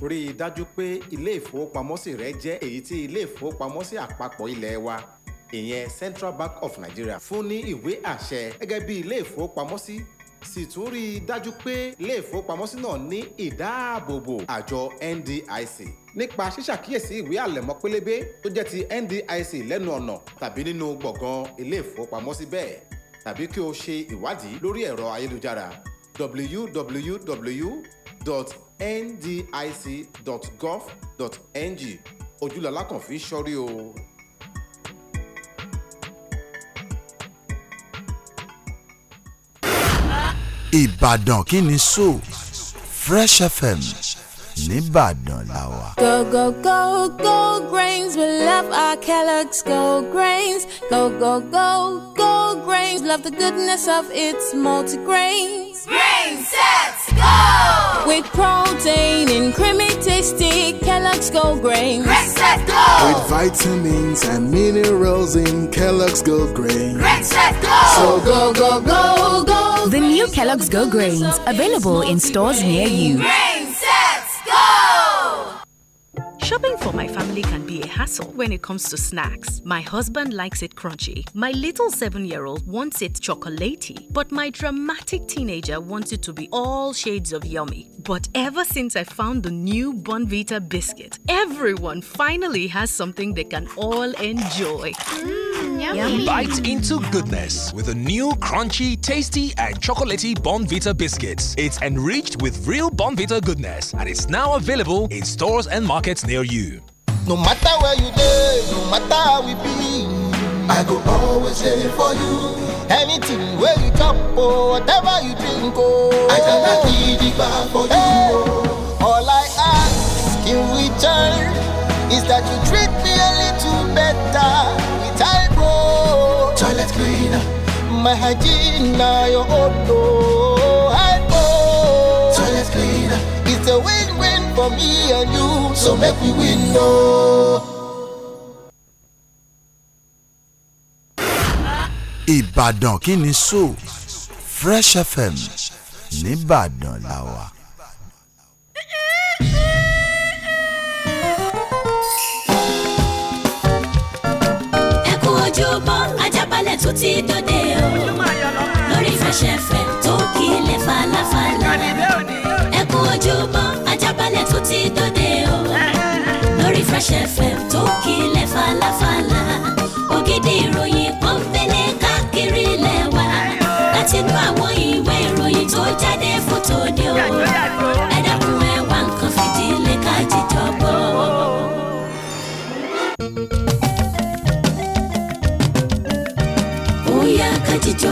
rí i dájú pé ilé ìfowópamọ́sí rẹ jẹ́ èyí tí ilé ìfowópamọ́sí àpapọ̀ ilé wa ìyẹn Central Bank of Nigeria fún ní ìwé àṣẹ gẹ́gẹ́ bí ilé ìfowópamọ́sí sì tún rí i dájú pé ilé ìfowópamọ́sí náà ní ìdáàbòbò àjọ NDIC nípa ṣíṣàkíyèsí ìwé àlẹ̀mọ́ pélébé tó jẹ́ ti NDIC lẹ́nu ọ̀nà tàbí nínú gbọ̀ngàn ilé ìfowópamọ́sí bẹ́ẹ̀ tàbí kí o ṣe ìwádìí lórí ẹ̀rọ ayélujára www ndic.gov.ng ojúlọ́lá kan fi ṣọ́rí o. Ìbàdàn kí ni so Fresh FM nìbàdàn la wà. Go go go go grains we love our Kellogg's go grains go go go go grains love the goodness of its multigrain. with protein and creamy tasty Kellogg's Gold Grains. Great Go! With vitamins and minerals in Kellogg's Gold Grains. Great Go! So go, go, go, go. The new Kellogg's Go Grains, available in stores near you. Grains. Shopping for my family can be a hassle when it comes to snacks. My husband likes it crunchy. My little seven year old wants it chocolatey. But my dramatic teenager wants it to be all shades of yummy. But ever since I found the new Bonvita biscuit, everyone finally has something they can all enjoy. Mm, yummy. Bite into goodness with a new crunchy, tasty, and chocolatey Bonvita biscuits. It's enriched with real Bonvita goodness and it's now available in stores and markets near near you. No matter where you live, no matter how we be, I go always there for you. Anything where you talk or oh, whatever you drink, oh, I don't be the bar for you. Oh. All I ask in return is that you treat me a little better with Toilet cleaner, my hygiene now your own. Oh, Ibo. Toilet cleaner, it's a win. for me and you so make we win no. Ìbàdàn kí ni so Fresh FM nìbàdàn la wà. Ẹ kú ojúmọ́ Ajábalẹ̀ tún ti dòde o lórí Fresh FM tó kílẹ̀ falafala ti dòde o lórí Fresh FM tó kílẹ̀ falafala ògidì ìròyìn kan fẹ́lẹ́ káàkiri lẹ́wà láti inú àwọn ìwé ìròyìn tó jáde fótó ni o ẹ dákun nǹkan fìdílé ká jíjọ gbọ́. Ó yá ká jíjọ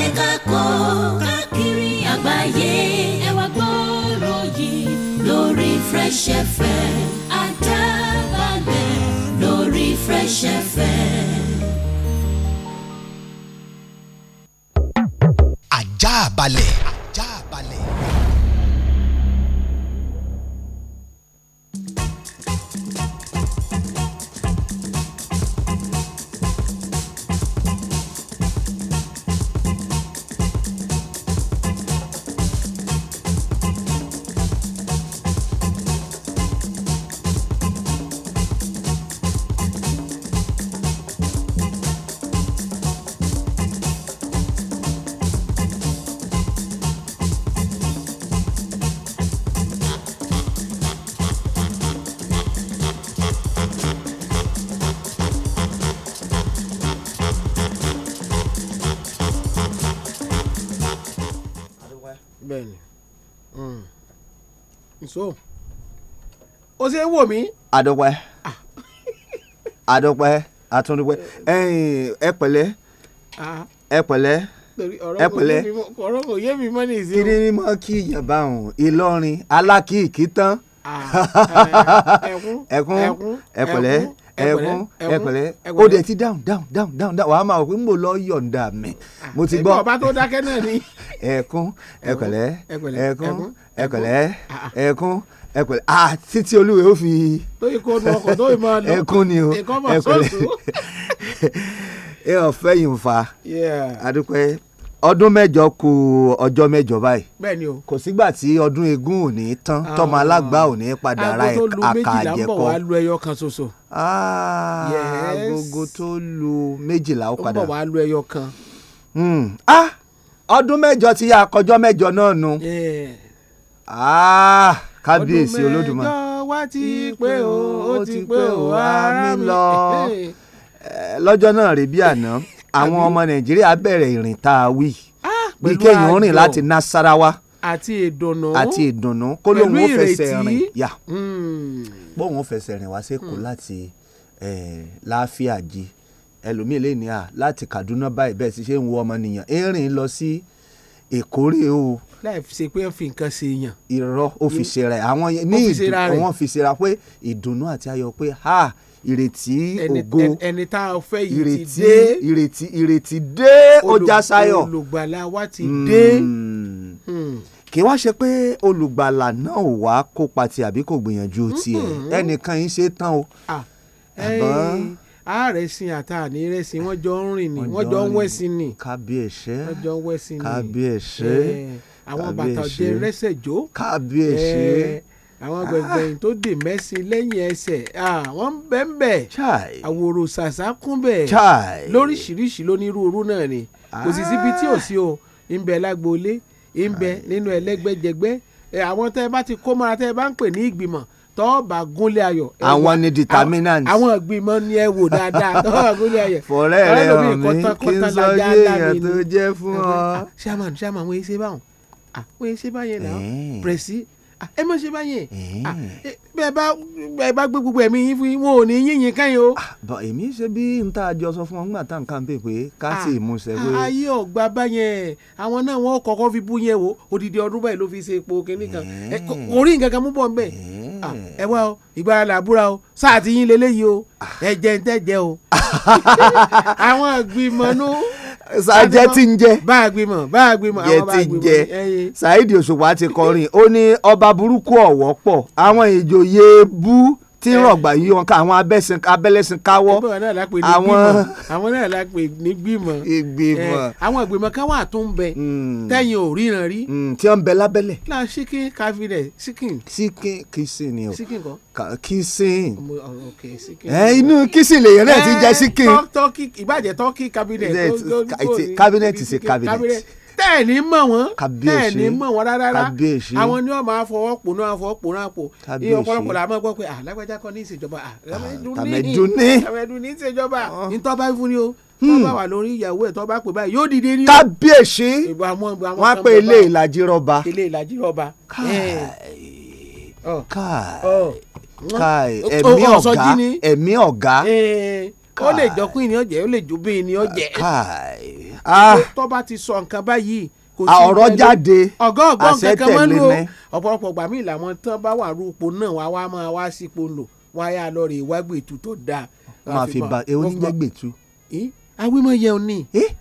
jáde kákó káàkiri àgbáyé ẹ wá gbọ́rọ̀ yìí lórí Fresh FM. wò mí. àdọ́pẹ́ àdọ́pẹ́ ah. àtúndúpẹ́ ẹ̀yìn ẹ pẹ̀lẹ́ ah. ẹ pẹ̀lẹ́ ẹ pẹ̀lẹ́ ọ̀rọ̀ kò yé mi mọ́ ní ìsìn. kiri ni mo kí ìyàbá òun ìlọrin alákìíkí tán ah, ẹkún ẹ pẹ̀lẹ́ ẹkún ẹpẹ̀lẹ́ ó dẹ ti dáhùn dáhùn dáhùn dáhùn dáhùn wàá máa wò pé n bò lọ yọ̀ǹda mi mo ti gbọ́. ọba tó dákẹ́ náà ni. ẹkún ẹpẹ̀lẹ́ ẹkún ẹpẹ̀lẹ́ ẹkún ẹ pẹ̀lẹ́ ah títí olúwe ó fi ẹkún ni o ẹ pẹ̀lẹ́ ẹ ọ̀fẹ́ yìí ń fa adúpẹ́ ọdún mẹ́jọ kù ọjọ́ mẹ́jọ báyìí o kò sígbà tí ọdún eégún ò ní tán ah. tọmọ alágbà ò ní padà ra àkà àjẹkọ aago tó lu méjìlá ń bọ̀ wá lu ẹyọ kan ṣoṣo. aago ah, tó lu méjìlá ó padà ó bọ̀ wá lu ẹyọ kan. Hmm. Ah, ọdún mẹ́jọ ti yá akọjọ́ mẹ́jọ náà nu kábíyèsí olódùmarè. ọdún mẹ́jọ wá ti pé o ó ti pé o ara mi lọ eh, lọ́jọ́ náà rèé bí àná àwọn ọmọ nàìjíríà bẹ̀rẹ̀ ìrìn tá a wí ah, bí kéèyàn rìn láti nasarawa àti ìdùnnú àti ìdùnnú kó lóun ó fẹsẹ̀ rìn yà bóun hmm. ó fẹsẹ̀ rìn wá sẹ́kù hmm. láti eh, láàfíà jí ẹlòmíì lè ní à láti Kaduna báyìí bẹ́ẹ̀ sì ṣe ń wo ọmọnìyàn erin lọ sí Ìkórè o láì ṣe pé ó fi nǹkan ṣe èèyàn. irọ́ ó fi ṣe rẹ̀ àwọn ní ìdùnnú wọn fi ṣe pé ìdùnnú àti ayọ̀ pé ha ìrètí ògo ẹni tá a fẹ́ yìí ti dé ìrètí ìrètí dé ọjà sayọ olùgbàlà wa ti hmm. dé. Hmm. kì í wá ṣe pé olùgbàlà náà wá kópa tiẹ̀ àbí kò gbìyànjú tiẹ̀ ẹnìkan yìí ṣe tán o. àbọ̀n àrẹ̀sìn àtàní rẹ̀sìn wọ́n jọ ń rìn ni wọ́n jọ ń wẹ̀sìn ni. kábíyèsé kábíyèsé àwọn bàtà òde rẹ́sẹ̀ jó kábíyèsí àwọn gbẹ̀ngbẹ̀yìn tó dè mẹ́sìn lẹ́yìn ẹsẹ̀ àwọn ń bẹ́ ń bẹ̀ àwòrò ṣàṣà kún bẹ̀ lóríṣiríṣi lónírúurú náà ni kò sì síbi tí ò sí o ń bẹ lágboolé ń bẹ nínú ẹlẹ́gbẹ́jẹgbẹ́ àwọn tẹ́ ẹ bá ti kó mọ́ra tẹ́ ẹ bá ń pè ní ìgbìmọ̀ tọ́ọ̀bà gúnlé ayọ̀. àwọn ni determinant. àwọn ìgbìmọ̀ ni ẹ wò dáadáa tọ́ọ̀bà gúnlé ayọ̀. fọ̀rẹ́ rẹ̀ hàn mí kí n sọ yé èèyàn tó jẹ́ fún ọ. ṣáàmà ṣáàmà wọ́n yé ṣe báwọn àwọn ah, yẹn ṣe báyẹn náà eh. pẹ̀sì ah, ẹ mọ̀ ṣe báyẹn eh. ah, bẹ́ẹ̀ bá bẹ́ẹ̀ bá gbé gbogbo ẹ̀mí yín fún yín wọn ò ní yín yín káyìn o. èmi ṣe bí n tá a jọ sọ fún wọn nígbà tá n kàn pé pé ká sì mú ṣe pé. ayé ọ̀gbà báyẹn àwọn náà wọn kọ́kọ́ fi bú yẹn wò odidi ọdún báyìí ló fi ṣe epo kínní kan orí eh. nǹkan kan mú bọ̀ nbẹ̀ ẹ wá o ìgbára làbúra o sáà ti yín lélẹ́yìí o ẹ jẹ́ ń tẹ́ jẹ́ o àwọn àgbìmọ̀ náà jẹ́ tí ń jẹ́ bá a gbìmọ̀ bá a gbìmọ̀ àwọn bá a gbìmọ̀ jẹ́ tí ń Òṣùpá ti kọrin ó ní ọba burúkú ọ̀wọ́ pọ̀ àwọn ìjòyè bú tí rọ̀gbà yí wọn ká àwọn abẹ́lẹ́sìn káwọ́ àwọn àwọn náà la pè ní gbìmọ̀ ìgbìmọ̀ àwọn ìgbìmọ̀ kan wà tó ń bẹ hmm. tẹ́yìn ò ríran rí. Hmm, tí wọ́n ń bẹ lábẹ́lẹ̀. la ṣíkín káfíńdẹ̀ síkìn. síkìn kìsìn ni o síkìn kọ́ kìsìn inú kìsìn lèyàn náà ti jẹ síkìn. tọ́kì ìbàjẹ́ tọ́kì kábínẹ̀tì. kábínẹ̀tì sí kábínẹ̀tì tẹ́ẹ̀ní mọ̀ wọ́n tẹ́ẹ̀ní mọ̀ wọ́n rárá àwọn ni wọ́n máa fọwọ́ pò náà fọwọ́ pò náà pò iye ọ̀pọ̀lọpọ̀ la máa gbọ́ pé alágbájá kan ní ìṣèjọba tàmẹ́dúní tàmẹ́dúní ìṣèjọba ìtọ́ba fún ni o hmm. tọ́ba wà lórí ìyàwó ẹ̀ tọ́ba pè báyìí yóò dìde ní. kábíyèsí wọn pe ilé ìlàjì rọba. ilé ìlàjì rọba. káì ẹ̀mí ọ̀gá ẹ̀mí ọ̀gá. ó lè jọ kún ìníọ̀jẹ̀ ó lè jù bí ìníọ̀jẹ̀. káì Ah. tó bá ti sọ nǹkan báyìí kò ah, sí ọ̀rọ̀ jáde ọ̀gá ọ̀gbọ́n kankan mọ́ lò ọ̀pọ̀lọpọ̀ gbàmí ìlànà tán bá wà rúpo náà wá wá máa wá sípò lò wá yá lọ rè wá gbètú tó dáa. máa fi ba ewu ní jẹ́ gbètú. awímọ̀ yẹn ò ní.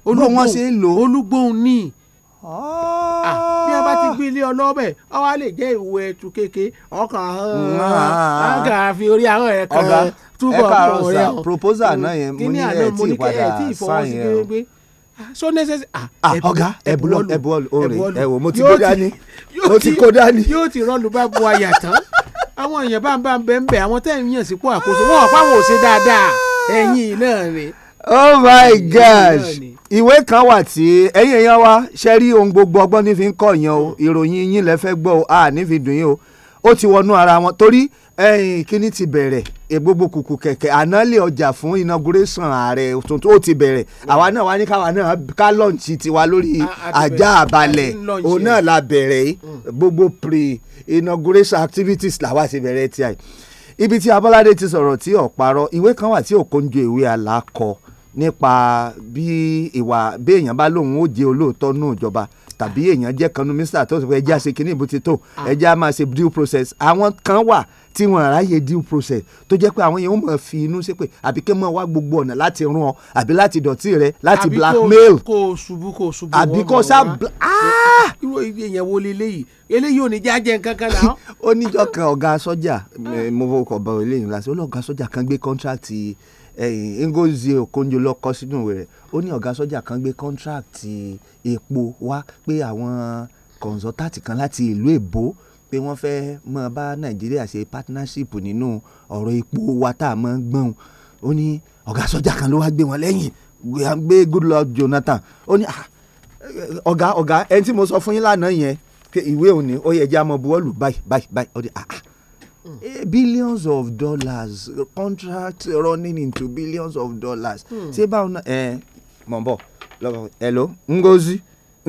olùgbò wọn ṣe ń lò. olùgbò ò ní. Ah. bí a bá ti gbé ilé ọlọ́bẹ̀ ọwọ́ lè jẹ́ ìwé ẹ̀tù kéke ọkàn ọ̀gá fi orí àwọn ẹ̀ kan túbọ̀ ọ̀rẹ́ ọ̀. proposal náà yẹn mo ní ẹ̀ tí ìpadà sáyẹn so necessary. Ah, ah, ọ̀gá ẹ̀bùlọ̀ ẹ̀bùlọ̀ orin ẹ̀wò mo ti kó dání mo ti kó dání. yóò ti rọlù bá bu àyà tán àwọn èèyàn bá ń bá ń bẹ ń bẹ àwọn tẹ́ ń yàn sípò àkóso wọn ọ̀pá wọn ò dáadáa ẹ̀yìn náà rè. oh my gosh ìwé kan wà tí ẹ̀yin èèyàn wa ṣe rí ohun gbogbo ọgbọ́n ní ń kọ̀ yẹn o ìròyìn yín lẹ gbọ́ o a ní dùn yín o ó ti wọnú ara wọn torí ẹyìn kíní ti bẹ̀rẹ̀ gbogbo kùkù kẹ̀kẹ́ ànálẹ̀ ọjà fún inauguration ààrẹ tuntun ó ti bẹ̀rẹ̀ àwa náà wá ní káwa náà ká lọ́ǹtì tiwa lórí ajá àbálẹ̀ òun náà la bẹ̀rẹ̀ mm. gbogbo pre inauguration activities làwa ti bẹ̀rẹ̀ ti àyè ibi tí abọ́ládé ti sọ̀rọ̀ tí ọ̀parọ́ ìwé kan wà tí òkonjo ìwé àlàkọ nípa bí ìwà béèyàn bá lóun ó jẹ́ olóòótọ́ nù tàbí èèyàn jẹ́ kanú mínísítà tó sọ ẹja ṣe kíní ìbò tó ah. ẹja máa ṣe due process àwọn kan wà tí wọ́n ráyè due process tó jẹ́ pé àwọn yẹn wọ́n máa fi inú ṣe pé àbí kí wọ́n wá gbogbo ọ̀nà láti rún ọ àbí láti dọ̀tí rẹ láti blackmail àbí kò ṣubú kò ṣubú àbí kò sá ah! irú èèyàn wo leléyìí eléyìí ò ní jájẹ nǹkan kan náà. ó níjọ́ kan ọ̀gá sọ́jà eh, mo kọ̀ bọ̀ eléyìí lásìkò ọ̀gá sọ́jà kan gbé kọ́ńtrátì Ngozi Okonjo ló kọ sínú ìwé rẹ̀ ó ní ọ̀gá sọ́jà kan gbé kọ́ńtíráàtì epo wá pé àwọn kọ̀ǹsọ́táàtì kan láti ìlú èbó pé wọ́n fẹ́ máa bá Nàìjíríà ṣe partnership nínú ọ̀rọ̀ epo wa tá a máa ń gbọ́n. Ó ní ọ̀gá sọ́jà kan ló wá gbé wọn lẹ́yìn gbé Goodluck Jonathan. Ó ní ah, ọ̀gá ọ̀gá ẹni tí mo sọ fún yín lánàá yẹn pé ìwé òun ó yẹ jẹ́ a mọ buwọ́lù báyìí báyìí báyìí. Ó ní àá ah, ah. Mm. billions of dollars contract running into billions of dollars. Hmm. ṣé báwo náà ẹ eh, mọ̀ bọ̀ lọ́wọ́ hello Ngozi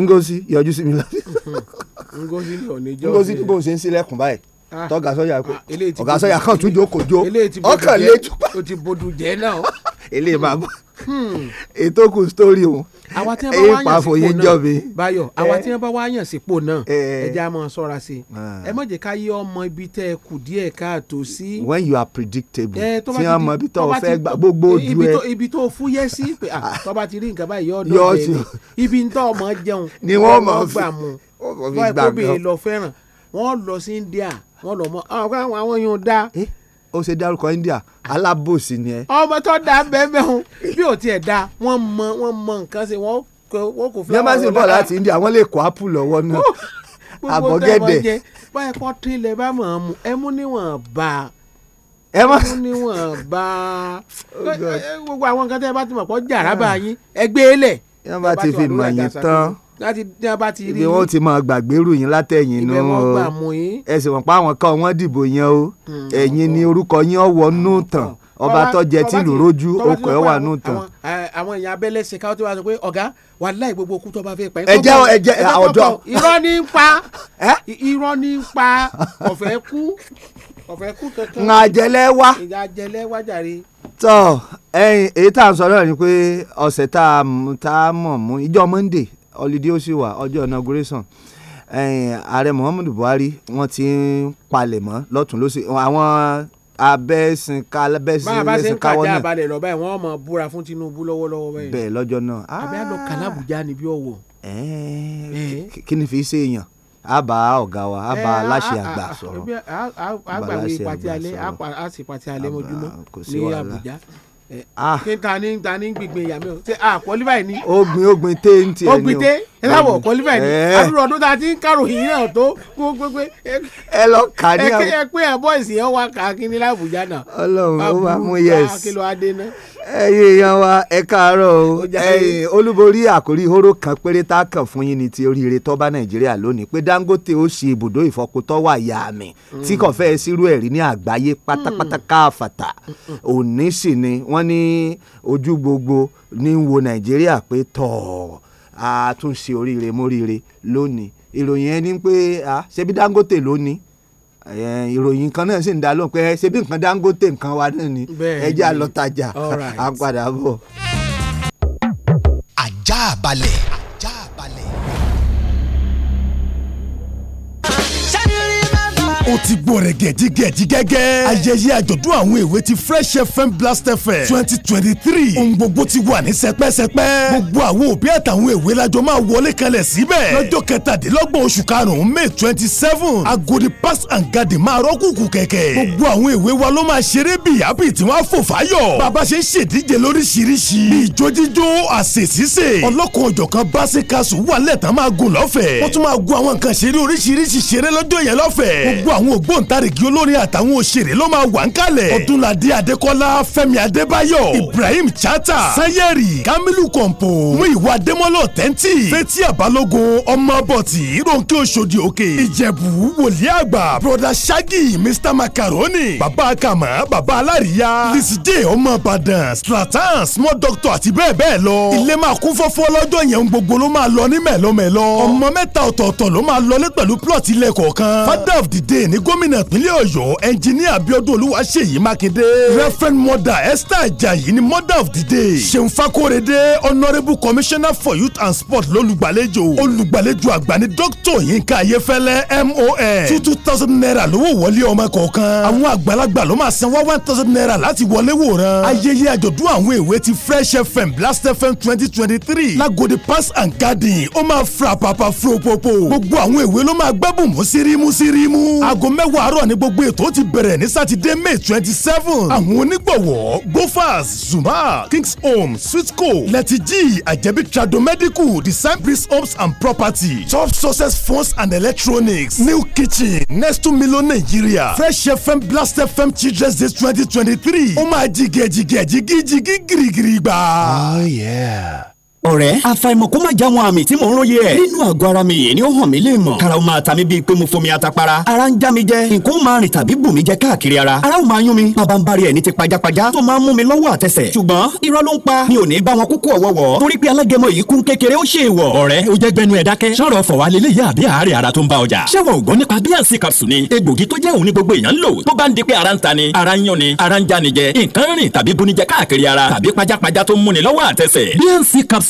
Ngozi yọjú sí mi lọ. Ngozi ní òní jọ́ọ̀sì Ngozi ní bóun ṣe ń sílẹ̀kùn báyìí Ah. tọ́gà sọ́yà ah, pé ọ̀gá sọ́yà kan tún jókòó jó ọkàn léjú pa. o ti bodù jẹ́ náà. eléyìí máa bọ̀ hmm. ètò kù sítórì o àwa tí wọn eh. bá wá yàn sípò náà Báyọ̀ àwa tí wọn bá wá yàn sípò náà ẹja máa ṣọ́ra sí i ah. ẹ má ká yé ọmọ ibi tẹ́ ẹ kù díẹ̀ káàtó sí. when you are predictable eh, tí wọn mọ ibi tó o fẹ́ gbà gbogbo ojú ẹ. ibi tó o fúyẹ́ sí tó bá ti rí nǹkan báyìí yọ̀ọ́ dọ̀ọ́ ibi tó o mọ jẹun ni wọ́n mọ̀ gbà mu báyìí kó wọ́n lọ sí India wọ́n lọ mọ́ àwọn àwọn yóò dá. Eh, ó ṣe dárúkọ India alábòsí ni ẹ. ọmọ tó da bẹ́ẹ̀ o bí ò tiẹ̀ da wọ́n mọ wọ́n mọ nǹkan ṣe wọ́n kò fúláwà. yẹ́nbà sì bọ̀ láti India wọ́n lè kó apple lọ́wọ́ náà àbọ̀gẹ́dẹ̀. báyìí kọ́ tí ilẹ̀ bá mọ̀ ọ́n mu ẹ mú níwọ̀n bá ẹ mọ. ó ní wọn bá oh gbogbo àwọn nǹkan tẹ́ ẹ bá ti mọ̀ pọ́ jàrá bá yín ẹ gbé e lẹ̀. yẹn bá ti fi mọ̀ yín tán láti ní wọn bá ti rí. ibi wọn ti máa gbàgbérù yín látẹ̀yìn nù o ẹsẹ̀ wọn pa àwọn kan wọn dìbò yẹn o hmm. ẹ̀yin ni orúkọ yín ọ̀wọ́ nù tán ọba tọ́jẹ tí lù rójú okò wà nù tán. àwọn èèyàn eh, abẹ́lẹ̀ ṣe káwọ́ tó wá sọ pé ọ̀gá wàláhì gbogbo okú tó bá fẹ́ pa. ẹjẹ ẹjẹ ọdọ. irọ́ ní ń pa irọ́ ní ń pa ọ̀fẹ́ kú ọ̀fẹ́ kú kankan. ǹ àjẹlẹ wá. ìjà àjẹlẹ wá jàre. tọ ẹyin èyí tá à ń sọ náà ni pé ọ̀sẹ̀ tá a mọ̀ mú ìjọ Monday holiday ó sì wà ọjọ́ inauguration ààrẹ muhammadu buhari wọ́n ti ń palẹ̀ mọ́ lọ́tún lọ́sẹ̀ àwọn abẹ́sìn ká abẹ́sìn káwọ́ náà. bá a bá ṣe ń kàjá àbálẹ̀ lọ báyìí wọ́n mọ̀ búra fún tinubu lọ́wọ́lọ́wọ́ báyìí. bẹ́ẹ̀ lọ́jọ́ náà. àbí àlọ́ ah. kàlábùjá níbi ọ̀wọ̀. kí ni fi ṣe èèyàn a bá ọ̀gá wa a bá aláṣẹ àgbà sọ̀rọ̀. a gbàgbé pati alẹ́ a sì pati alẹ́ mọ́júmọ́ ní Àbújá kí eh, n ah. ta ni ta ni gbìngbìn ìyá o ṣe ah qualify ni. ogbin ogbin té ń tiẹ̀ ni o ogbin té ẹ láwọ̀ qualify ni àdúrà ọdún tá a ti ń kàròyìn náà tó kó ẹ lọ kà ní àwọn. ẹ pé ẹ bọ́ìsì ẹ wá kà kí ní làbújá náà. Ọlọ́run ó máa mú yẹs. kílò èèyàn wa ẹ káàárọ̀ o ẹ̀yin olúborí àkórí horo kan péré tá a kàn fún yín ni ti oríire tọ́ba Nàìjíríà lónìí pé Dangote ó ṣe ibùdó ìfọkútọ́ wà yá mi mm. tí kò fẹ́ sírú ẹ̀rí ní àgbáyé pátápátá mm. káfàtà òní sì ni wọ́n ní ojú gbogbo ní wo Nàìjíríà pé tọ̀ọ̀ a tún oríire móríire lónìí ìròyìn ẹni pé ṣebí Dangote lónìí ìròyìn kan náà sì ń dá lóhùn pé ṣebí nǹkan Dangote nǹkan wa náà ni ẹjẹ́ àlọ́tajà á padà bọ̀. ajá ó ti gbọ́ rẹ̀ gẹ̀dígẹ̀dí gẹ́gẹ́. ayẹyẹ àjọ̀dún àwọn èwe ti fresh fm blast fm twenty twenty three ohun gbogbo ti wà ní sẹpẹ́sẹpẹ́. gbogbo àwọn òbí àtàwọn èwe lájọ máa wọlé kalẹ̀ síbẹ̀. lọ́jọ́ kẹtàdínlọ́gbọ̀n oṣù karùn-ún may twenty seven agodi pass and garden máa rọ́kùnkùn kẹ̀kẹ́. gbogbo àwọn èwe wa ló máa ṣeré bìyàbì tí wọ́n á fò fáyọ̀. bàbá ṣe ń ṣèdíje lóríṣiríṣi. bí ijó jíjó àsè sísè. ọlọ́kan ọ̀jọ̀kan báṣíkàṣù wà lẹ́tàn máa gùn lọ́fẹ̀ẹ́. wọ́n tún máa gun àwọn nǹkan gbogbo àwọn ògbóǹtarìgì olórin àtàwọn òṣèré ló máa wà ń kalẹ̀ ọdúnladé adékọ́lá fẹ́mi adébáyọ̀ ibrahim chata sanyẹ̀rì kamilu kọ̀ǹpò muyiwa adémọ́lá tẹ́ǹtì fẹ́tí àbálógun ọmọ bọ̀tì ronke oṣòdì òkè ìjẹ̀bù wòlíì àgbà broda shaggy mr macaroni baba Kama, baba alárìíyá liside ọmọ ìbàdàn slatan small doctor àti bẹ́ẹ̀ bẹ́ẹ̀ lọ ilé máa kún fọ́fọ́ lọ́jọ́ yẹn gbogbo ló máa lọ ní mẹ́lọ́mẹ́lọ́ ọmọ mẹ́ta ọ̀tọ̀ọ̀tọ̀ ló máa lọlé pẹ̀lú plọ̀tì ilẹ̀ kọ̀ọ̀kan father of the day pè ní gómìnà ìpínlẹ̀ ọ̀yọ́ ẹnjiníà abiodun olúwaṣeyí mákindé reverend mother esther ajayi ni mother of the day ṣeun fakorede honourable commissioner for youth and sport lólùgbàlejò olùgbàlejò àgbà ni dr yinka ayefẹlẹ mon two two thousand naira lówó wọlé ọmọ kọ̀ọ̀kan àwọn àgbàlagbà ló máa san wá one thousand naira láti wọlé wòran ayẹyẹ àjọ̀dún àwọn èwe ti fresh fm blast fm twenty twenty three lagodi pass and garden ó máa fra pàpà popo. gbogbo àwọn èwe ló máa gbẹ́bùn mú sírímù sírímù aago mẹ́wàá àárọ̀ ni gbogbo ètò ti bẹ̀rẹ̀ ní sátidé may twenty seven àwọn onígbọ̀wọ́ gofas zuma kings home switco letiji ajẹbi trado medical design breeze homes and property top success phones and electronics new kitchen next to milo nigeria fresh fm blast fm children's day twenty twenty three ó máa jìgẹ̀jìgẹ̀ jìgíjìgí gírígírí gbà. oh yeah ọ̀rẹ́ àfàìmọ̀ kó má já wọn àmì tí mò ń róye ẹ̀. nínú àgọ́ ara mi yìí ni ó hàn mí lè mọ̀. karaw máa ta mi bíi pé mo fomi atapara. ara ń já mi jẹ nǹkan máa rìn tàbí bù mí jẹ káàkiri ara. ara máa yún mi bàbá ń bari ẹ̀ ti pajápajá tó máa ń mú mi lọ́wọ́ àtẹsẹ̀. ṣùgbọ́n irọ́ ló ń pa mi ò ní bá wọn kúkú ọ̀wọ́wọ́ torí pé alágẹmọ yìí kún kékeré ó ṣe ìwọ̀. ọ̀rẹ́ o jẹ́ gbẹnu ẹ̀ ba ọjà. ṣé wọn ò gbọ́ nípa bíànsì capsule ni egbògi tó jẹ́ òun ní gbogbo èèyàn ń lò tó bá ń di pé ara ń ta ni ara ń yán ni ara ń já ni jẹ nǹkan rìn tàbí bunijẹ káàkiri ara tàbí pajápajá tó ń múni lọ́wọ́ àtẹsẹ̀. bíànsì capsule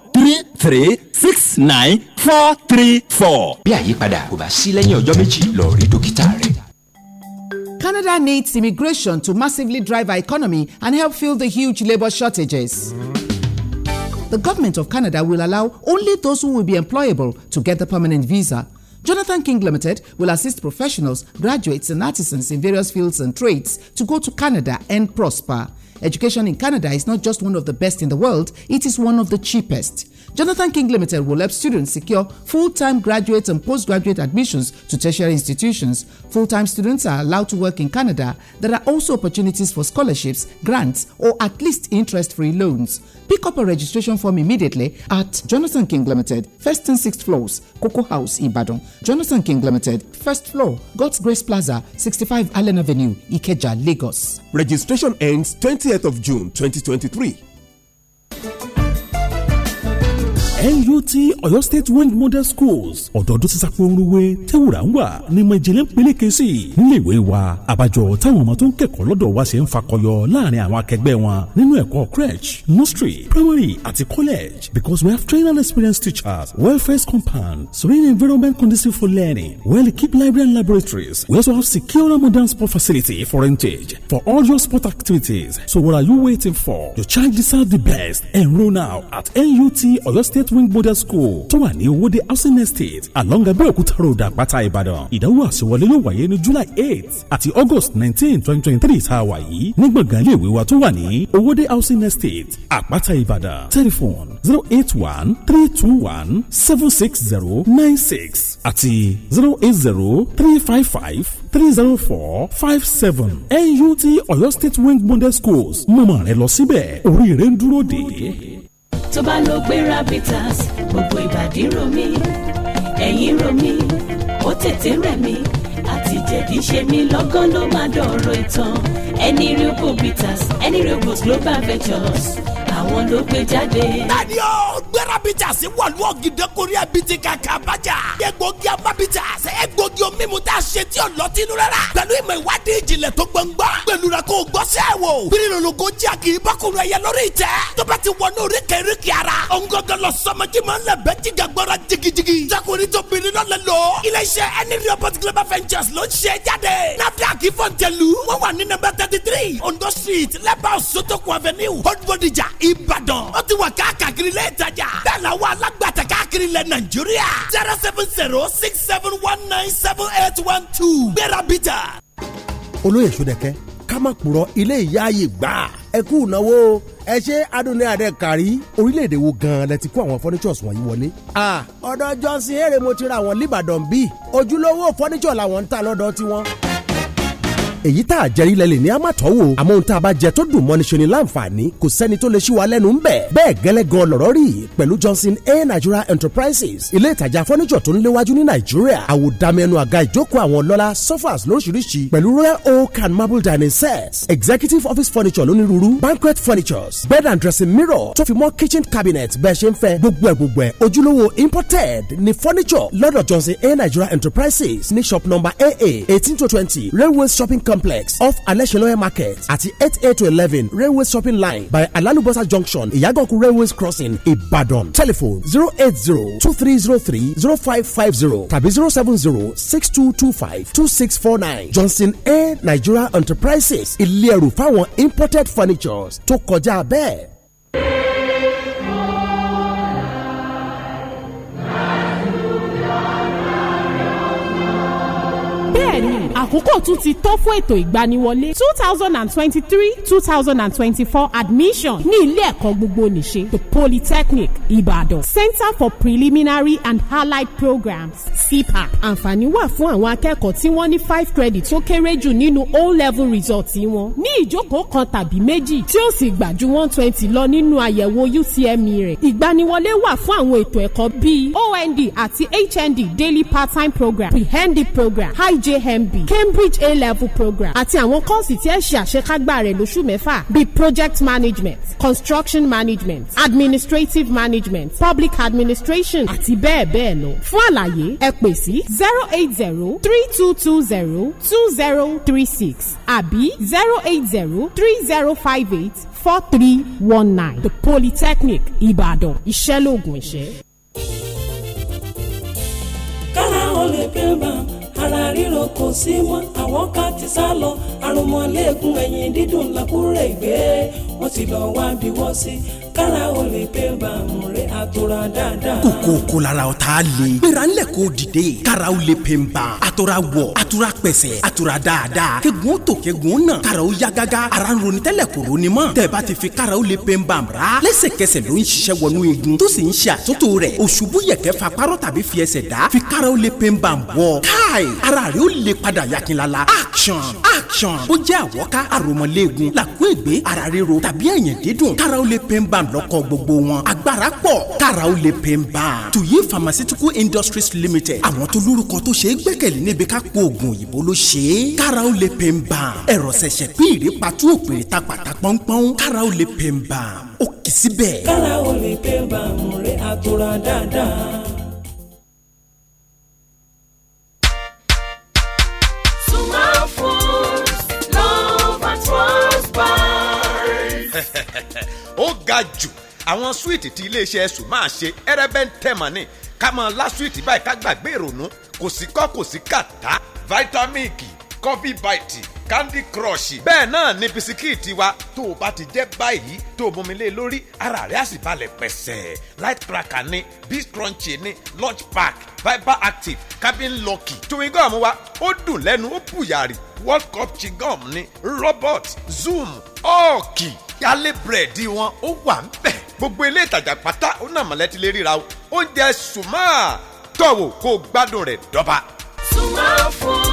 three three six nine four three four. bí àyípadà kò bá sí lẹ́yìn ọjọ́ méjì lọ rí dókítà rẹ. Canada needs immigration to massively drive our economy and help fill the huge labour shortages. The government of Canada will allow only those who will be employable to get the permanent visa. Jonathan King Limited will assist professionals, graduates, and artisans in various fields and trades to go to Canada and prosper. Education in Canada is not just one of the best in the world, it is one of the cheapest. Jonathan King Limited will help students secure full-time graduate and postgraduate admissions to tertiary institutions. Full-time students are allowed to work in Canada. There are also opportunities for scholarships, grants, or at least interest-free loans. Pick up a registration form immediately at Jonathan King Limited, first and sixth floors, Coco House, Ibadan. Jonathan King Limited, first floor, God's Grace Plaza, 65 Allen Avenue, Ikeja, Lagos. Registration ends 20th of June 2023. NUT Ọ̀yọ́ State Wing Model Schools ọ̀dọ́dún ti sápẹ́ orúwe tẹ́wùrà ń wà ní ìmọ̀ ìjìnlẹ̀ ń peléke sí i nílé ìwé wa àbájọ táwọn ọmọ tó ń kẹ́kọ̀ọ́ lọ́dọ̀ wa ṣe ń fakọyọ láàrin àwọn akẹgbẹ́ wọn nínú ẹ̀kọ́ crèche nursery primary àti college because we have trained and experienced teachers well compound serene environment conducive for learning well-equipped library and laboratories we also have secure modern sport facility for rentage for all your sport activities so what are you waiting for your child deserves the best enroll now at NUT Ọ̀yọ́ State first wing school tó wà ní owóde housing estate along abeokuta road àpáta ìbàdàn ìdánwò àṣewọlé yóò wáyé ní july 8, àti august 19, 2023, twenty three tá a wà yìí ní gbọ̀ngàn ilé ìwé wa tó wà ní owóde housing estate àpáta ìbàdàn telephone zero eight one three two one seven six zero nine six àti zero eight zero three five five three zero four five seven nut ọ̀yọ́ state wing model schools mọ̀mọ́ rẹ lọ síbẹ̀ oríire ń dúró dè é tó bá lọ gbé Rabitas gbogbo ìbàdí ro mi ẹ̀yìn ro mi ó tètè rẹ̀ mi àti jẹ̀dí ṣe mi lọ́gán ló má dọ̀rọ̀ ìtàn real Anyreal real Anyreal Global Ventures àwọn ló gbé jáde. Tani o gbéra bitters wọ̀lú ọ̀gìdẹ́ korí ẹbí ti kàkà bájà. Egbògi ọba bitters egbògi omimu tá a ṣe tí ọ̀lọ́tí inú rárá. Pẹ̀lú ìmọ̀ ìwádìí ìjìnlẹ̀ tó gbọ̀ngbọ́n. Pẹ̀lú rẹ̀ kò gbọ́sẹ̀ wò. Bírílòlògó jẹ́ kì í bọ́kùnrin ẹ̀yẹ lórí ìtẹ́. Tó bá ti wọnú oríkèéríkèé ara. Òǹgọ̀gọ̀ lọ sọmọjí máa ń lẹ̀ bẹ́ jìgàgbọ́ra jigijigi. Sọkùnrin tó bìnrin náà lẹ lọ. Ilé iṣẹ́ Anyreal Global Ventures ló ń ṣe jáde. Náfíà kì í fọ̀ǹtẹ̀lù. Wọ́n wà ní nọ́mbà thirty three Ondo street lẹ́bàá Sotoko avenue Old Bodija ó ti wà káàkiri ilé ìtajà bẹ́ẹ̀ la wà alágbàtà káàkiri ilẹ̀ Nàìjíríà zero seven zero six seven one nine seven eight one two gbéra-bíjà. olóyè Ṣódẹkẹ ká má purọ́ ilé ìyá ààyè gbà ẹ kú ìnáwó ẹ ṣe adúlé àdẹ kárí orílẹ̀-èdè wo gan-an lẹ ti kó àwọn fọ́nísọ̀s wọ̀nyí wọlé. ọ̀dọ̀ Johnson eré mo ti ra àwọn l'Íbàdàn bíi ojúlówó fọ́nísọ̀ làwọn ń ta lọ́dọ̀ tiwọn èyí tá a jẹ ilẹ̀ lè ní a má tọ́ wò àmọ́ ohun tá a bá jẹ tó dùn mọ́ni ṣe láǹfààní kò sẹ́ni tó lè ṣí wa lẹ́nu ń bẹ̀. bẹ́ẹ̀ gẹ́lẹ́gan lọ̀rọ̀ rí pẹ̀lú Johnson A Nigeria Enterprises ilé ìtajà fọ́nìjọ tó ń léwájú ní Nàìjíríà àwòdàmẹ́nu àga ìjókòó àwọn ọlọ́lá sofas lóríṣiríṣi pẹ̀lú royal oak and marble dining sets executive office furniture lónírúurú banquet furnitures bed and dressing mirror tó fi mọ́ kitchen cabinet bẹ́ẹ̀ ṣe ń fẹ́ gbogbo ẹ̀ gbogbo ẹ̀ ojúlówó imported ni furniture lọ́dọ̀ Johnson A Nigeria Enterprises ní shop number AA eighteen to twenty railway shopping complex complex off alẹ́sẹ̀lọ́yẹ market àti eight eight to eleven railway shopping line by alalubosa junction ìyàgànkù railway crossing Ibadan. telephone zero eight zero two three zero three zero five five zero tàbí zero seven zero six two two five two six four nine johnson a nigeria enterprises ilé ẹrù fáwọn imported furnitures tó kọjá bẹ́ẹ̀. àkókò tún ti tó fún ètò ìgbaniwọlé two thousand and twenty-three two thousand and twenty-four admission ní ilé ẹ̀kọ́ gbogbo nìṣe the polytechnic Ibadan center for preliminary and allied programs cpap àǹfààní wà fún àwọn akẹ́kọ̀ọ́ tí wọ́n ní five credit tó kéré jù nínú o level results wọn ní ìjókòó kan tàbí méjì tí ó sì gbà ju one twenty lọ nínú àyẹ̀wò UTME rẹ̀ ìgbaniwọlé wà fún àwọn ètò ẹ̀kọ́ bíi OND àti HND daily part-time program prehend program IJMB K Cambridge A-level program àti àwọn kọ́ọ̀sì tí ẹ ṣe àṣekágbá rẹ̀ lóṣù mẹ́fà bíi project management construction management administrative management public administration àti bẹ́ẹ̀ bẹ́ẹ̀ lọ. fún àlàyé ẹ pè sí zero eight zero three two two zero two zero three six àbí zero eight zero three zero five eight four three one nine the polytechnic Ibadan. iṣẹ́ lóògùn iṣẹ́. kára ó lè pé bá ara ríro kò sí mọ́ àwọn ká ti sá lọ àrùnmọ́lẹ́gùn ẹ̀yìn dídùn làkúrẹ́ ìgbé wọ́n ti lọ wá bí wọ́n sí kára o lè pé bàmù rẹ̀ àtòrà dáadáa. kòkó kò lára ọ̀tá le. gbéra ńlẹ̀ kò dìde. kára o lè pè ń àtòrà wọ̀ àtòrà pẹ̀sẹ̀ àtòrà dáadáa. kẹ́gun tó kẹ́gun náà. kára o ya gágá. ara ń roni tẹ́lẹ̀ kò roni mọ́. tẹ̀bá ti fi kára o lè pè ń ra. lẹ́sẹ̀kẹsẹ̀ ló ń ṣiṣẹ́ wọnú igun. tó sì ń ṣe àtúntò rẹ̀. òṣùbù yẹ̀kẹ́ fa párọ̀ tàbí fi ẹsẹ̀ dá. fi kára o lè pè ń rẹ ó lè padà yakinlala action action ó jẹ́ àwọ́ká àròmọléegun làkúègbé ara ríro tàbí ẹ̀yìn dídùn kára ó lè pain balm lọ́kọ̀ gbogbo wọn agbára pọ̀ kára ó lè pain balm tuyi pharmaceutical industries limited àwọn tó lórúkọ tó ṣe é gbẹ́kẹ̀lé níbi ká po oògùn òyìnbó ló ṣe é kára ó lè pain balm ẹ̀rọ ṣẹ̀ṣẹ̀ pé ìrèpàtú òpèrè ta pàtà pọ́npọ́n kára ó lè pain balm ó kì í síbẹ̀. kára ó lè pain balm rẹ̀ àtúrà dáadáa ó ga jù àwọn súwìtì tí iléeṣẹ́ ẹ̀sùn máa ṣe ẹrẹ́bẹ́ntẹ́mà ni ká máa lá súwìtì báyìí ká gbàgbé ìrònú kò sí kọ́ kò sí kàtá vitamíìkì coffee bite candy crush. bẹ́ẹ̀ náà ni bisikíìtì wa tó o bá ti jẹ́ báyìí tó o bomi lé lórí ara rẹ̀ á sì balẹ̀ pẹ̀sẹ̀ light cracker ni beast crunchy ni lunch pack fiber active cabin lucky. chewing gum wa ó dùn lẹ́nu ó bùyàrì world cup chewing gum ni robot zoom ọ̀ọ̀kì. Oh, alẹ́ búrẹ́dì wọn ó wà ń bẹ̀. gbogbo ilé ìtajà pátá ó nà mọ̀lẹ́tì lè ríra o. oúnjẹ sùmọ́ tọ̀wọ̀ kó o gbádùn rẹ̀ dọ́ba. sùmọ́ fún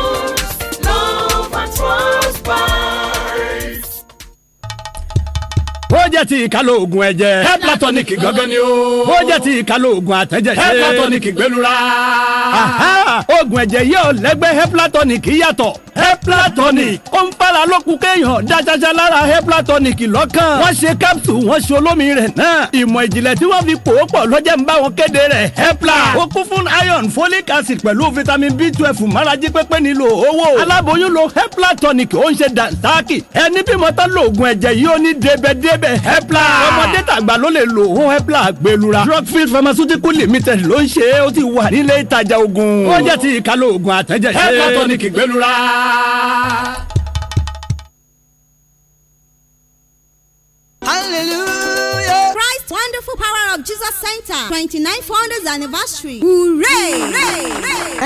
lọ́ọ́ bá ó jẹ́ ti ìkálò oògùn ẹ̀jẹ̀. heplatonic gangan ni o. ó jẹ́ àtẹ̀jẹ̀ ṣe. heplatonic gbẹlura. oògùn ẹ̀jẹ̀ yìí ò lẹ́gbẹ́ heplatonic yàtọ̀. heplatonic ó ń fara lókun kéèyàn dájájá lára heplatonic lọ́kàn. wọ́n ṣe capsule wọ́n ṣe olómi rẹ̀ náà. ìmọ̀ ìjìnlẹ̀ tí wọ́n fi pò ó pọ̀ lọ́jẹ́ ń bá wọn kéde rẹ̀ hepla. ó kún fún iron folic acid pẹ̀lú vitamin b twelve márajì pépé nílò owó. aláboyún lo heplatonic ó ń ṣe dànsákì. ẹni bímọ tán lo oògùn ẹ̀jẹ̀ yìí ó ní débẹ̀dé bẹ́ẹ̀bẹ́ẹ̀ hepla ọmọdé tàgbà ló lè lo ohun hepla gbẹlura drugfield pharmaceutical limited ló ń ṣe é ó ti wà nílé ìtajà oògùn ó jẹ́ ti ìkàlò oògùn àtẹ́jẹ́ ṣe hepla tonic gbẹlura. hallelujah wonderful power of jesus center twenty nine founders anniversary hooray.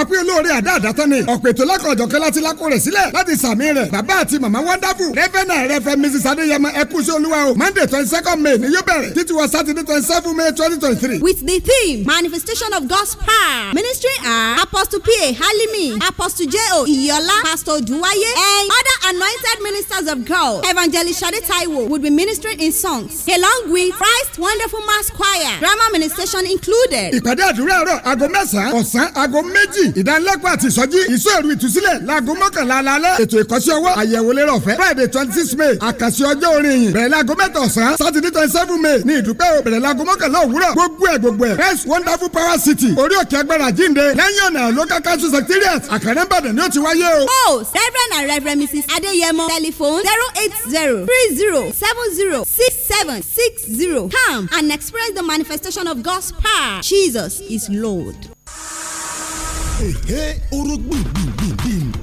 ọpẹ́ olóore àdá àdátán ni ọ̀pẹ̀ tó lákọ̀ọ́jọ̀kẹ́ láti lákò rẹ̀ sílẹ̀ láti sàmì rẹ̀ bàbá àti màmá wonderful rẹ́fẹ̀nà rẹ́fẹ̀ mrs adéyẹmọ ẹkúnṣe olúwa o monday twenty second may ni yóò bẹ̀rẹ̀ títí wọ saturday twenty seven may twenty twenty three. with the theme manifestation of god's power ministry are apostle pa halimi apostle j o iyola pastor duwaye and other anointed ministers of god evangelist sade taiwo would be ministering in songs along with christ one wonderful mass choir drama ministration included. ìpàdé àdúrà ọ̀rọ̀ aago mẹ́sàn-án ọ̀sán aago méjì ìdánilẹ́kọ̀ọ́ àti ìsọjí ìṣòro ìtúsílẹ̀ laago mọ́kànlá alálẹ́ ètò ìkọ́sẹ́ owó àyẹ̀wò lérò ọ̀fẹ́ friday twenty six may àkàsí ọjọ́ orin yìí bẹ̀rẹ̀ laago mẹ́ta ọ̀sán saturday twenty seven may ní ìdúpẹ́ o bẹ̀rẹ̀ laago mọ́kànlá òwúrọ̀ gbogbo ẹ̀ gbogbo ẹ̀ first wonderful power city orí òkè agbára jíǹde lẹ́yìn ọ̀nà local council secretariat àkàrẹ́ ìbàdàn ni ó ti reverend and reverend mrs adeyemo telephone zero eight zero three zero seven zero six seven six zero calm and express the manifestation of God's power. Jesus is Lord.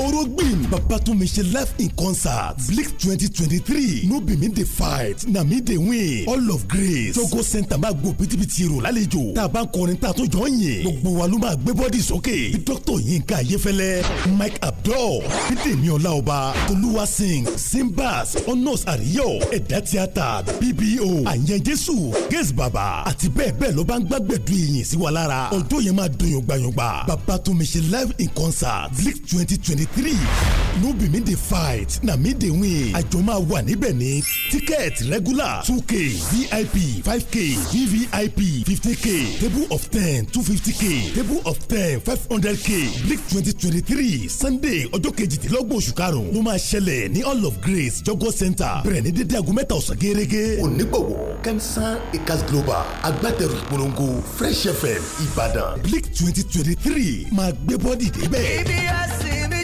orogbin babatunmi ṣe live in concert blix 2023, twenty three no be me dey fight na me dey win all of grace jogo center máa gbó pitipiti rò lálejò tá a bá ń kọrin tá a tún jọ ń yìn gbogbo wa ló máa gbé bọ́dì sókè bí dókítà yinka ayefẹlẹ mike abdul bídèmí ọláọba tolúwa Singh. simbas honors àríyọ ẹ̀dá tíátà bbo àyẹn jésù gẹ́sì bàbá àti bẹ́ẹ̀ bẹ́ẹ̀ ló bá ń gbàgbẹ́dù ìyìn sí wa lára ọjọ́ yẹn máa dùn yọ̀ngbàyọ̀ngbà babatunmi ṣe live in concert blix 2023 three no be me the fight na me the win àjọ wa ni níbẹ̀ ticket regular two k vip five k vvip fifty k table of ten two fifty k table of ten five hundred k brick twenty twenty three sunday Ojo kejìdínlọ́gbọ̀n oṣù karùn-ún ló ni all of grace jọgọ́ center bẹ̀rẹ̀ de dédé aago mẹ́ta ọ̀sán gẹ́gẹ́. onígbàwọ̀ kẹ́nsán ecas global agbátẹrù ìpolongo fresh fm ìbàdàn brick twenty twenty three máa gbé bọ́dì débẹ̀. ibi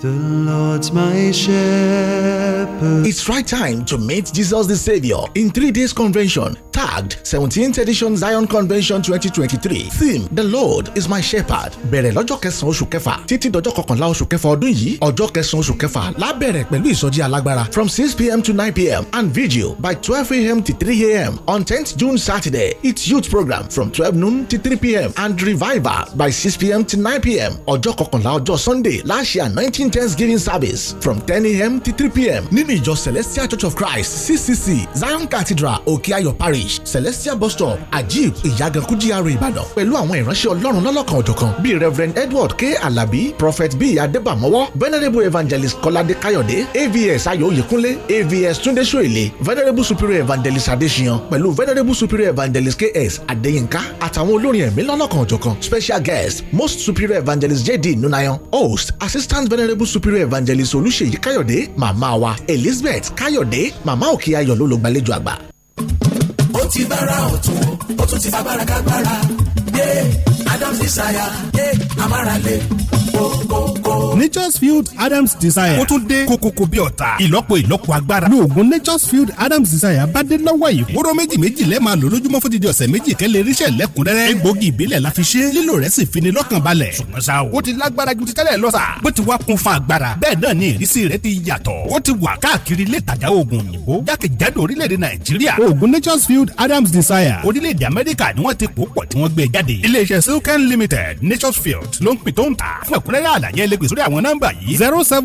The Lord's my shepherd. It's right time to meet Jesus the Savior in three days convention tagged 17th edition Zion Convention 2023 theme The Lord is my shepherd. Bẹ̀rẹ̀ lọ́jọ́ kẹsàn-án oṣù kẹfà títí dọjọ́ kọkànlá oṣù kẹfà ọdún yìí ọjọ́ kẹsàn-án oṣù kẹfà lábẹ̀rẹ̀ pẹ̀lú ìsọjí alágbára from 6 p.m. to 9 p.m. and vigil by 12 a.m. to 3 a.m. on 10th June Saturday. It's youth program from 12 noon to 3 p.m. and revival by 6 p.m. to 9 p.m. ọjọ́ kọkànlá ọjọ́ Sunday láṣẹ 19. Thanksgiving Thanksgiving service from 10 a.m. to 3 p.m. nínú ìjọ Celestial Church of Christ CCC Zion Cathedral Okeayo Parish Celestial Bus Stop Ajib Ìyágankú GRA Ìbàdàn pẹ̀lú àwọn ìránṣẹ́ Ọlọ́run lọ́lọ́kan òjọ̀kan bíi Reverend Edward K. Alabi Prophet B. Adébàmọ́wọ́ Venerable Evangelist Kọ́ládé Káyọ̀dé AVS Ayọ̀ Oyèkúnlé AVS Túndé Ṣóyèlé Venerable Superior Evangelist Adéṣiyan pẹ̀lú Venerable Superior Evangelist K.S. Adéyínká àtàwọn olórin ẹ̀mí lọ́lọ́kan òjọ̀kan special guest Most Superior Evangelist J.D. Nunayan host Assistant Venerable honourable superior evangelist olùṣèyí káyọ̀dé màmá wa elizabeth káyọ̀dé màmá òkè ayọ̀ ló ló gbàlejò àgbà. ó ti bára ọ̀tún ó tún ti fa bárakágbára yé adams desire yé amárale kókó nature's field adams desire. ó tún dé kokoko bí ọ̀tá ìlọ́po ìlọ́po agbára. ní oògùn nature's field adams desire bá dé lọ́wọ́ yìí. wóró méjì méjì lẹ́ẹ̀ máa lò lójúmọ́ fún dídí ọ̀sẹ̀ méjì kẹ́lẹ́ irinṣẹ́ lẹ́kùnrẹ́rẹ́. egbògi ìbílẹ̀ la fi ṣe lílò rẹ̀ sì fini lọ́kàn balẹ̀. ṣùgbọ́n ṣá o ó ti lágbára ju ti tẹ́lẹ̀ lọ sà. bó ti wá kún fún agbára bẹ́ẹ̀ náà ni ìrísí rẹ̀ ti yàtọ̀. ó ti wà káàkiri ilé nature's field adams desire. orílẹ̀-èdè amẹ́ríkà ni wọ́n ti pò pọ̀ tí wọ́n gbé e limited nature's field ló ń pin tó ń ta. fún sórí àwọn nọ́mbà yìí zero seven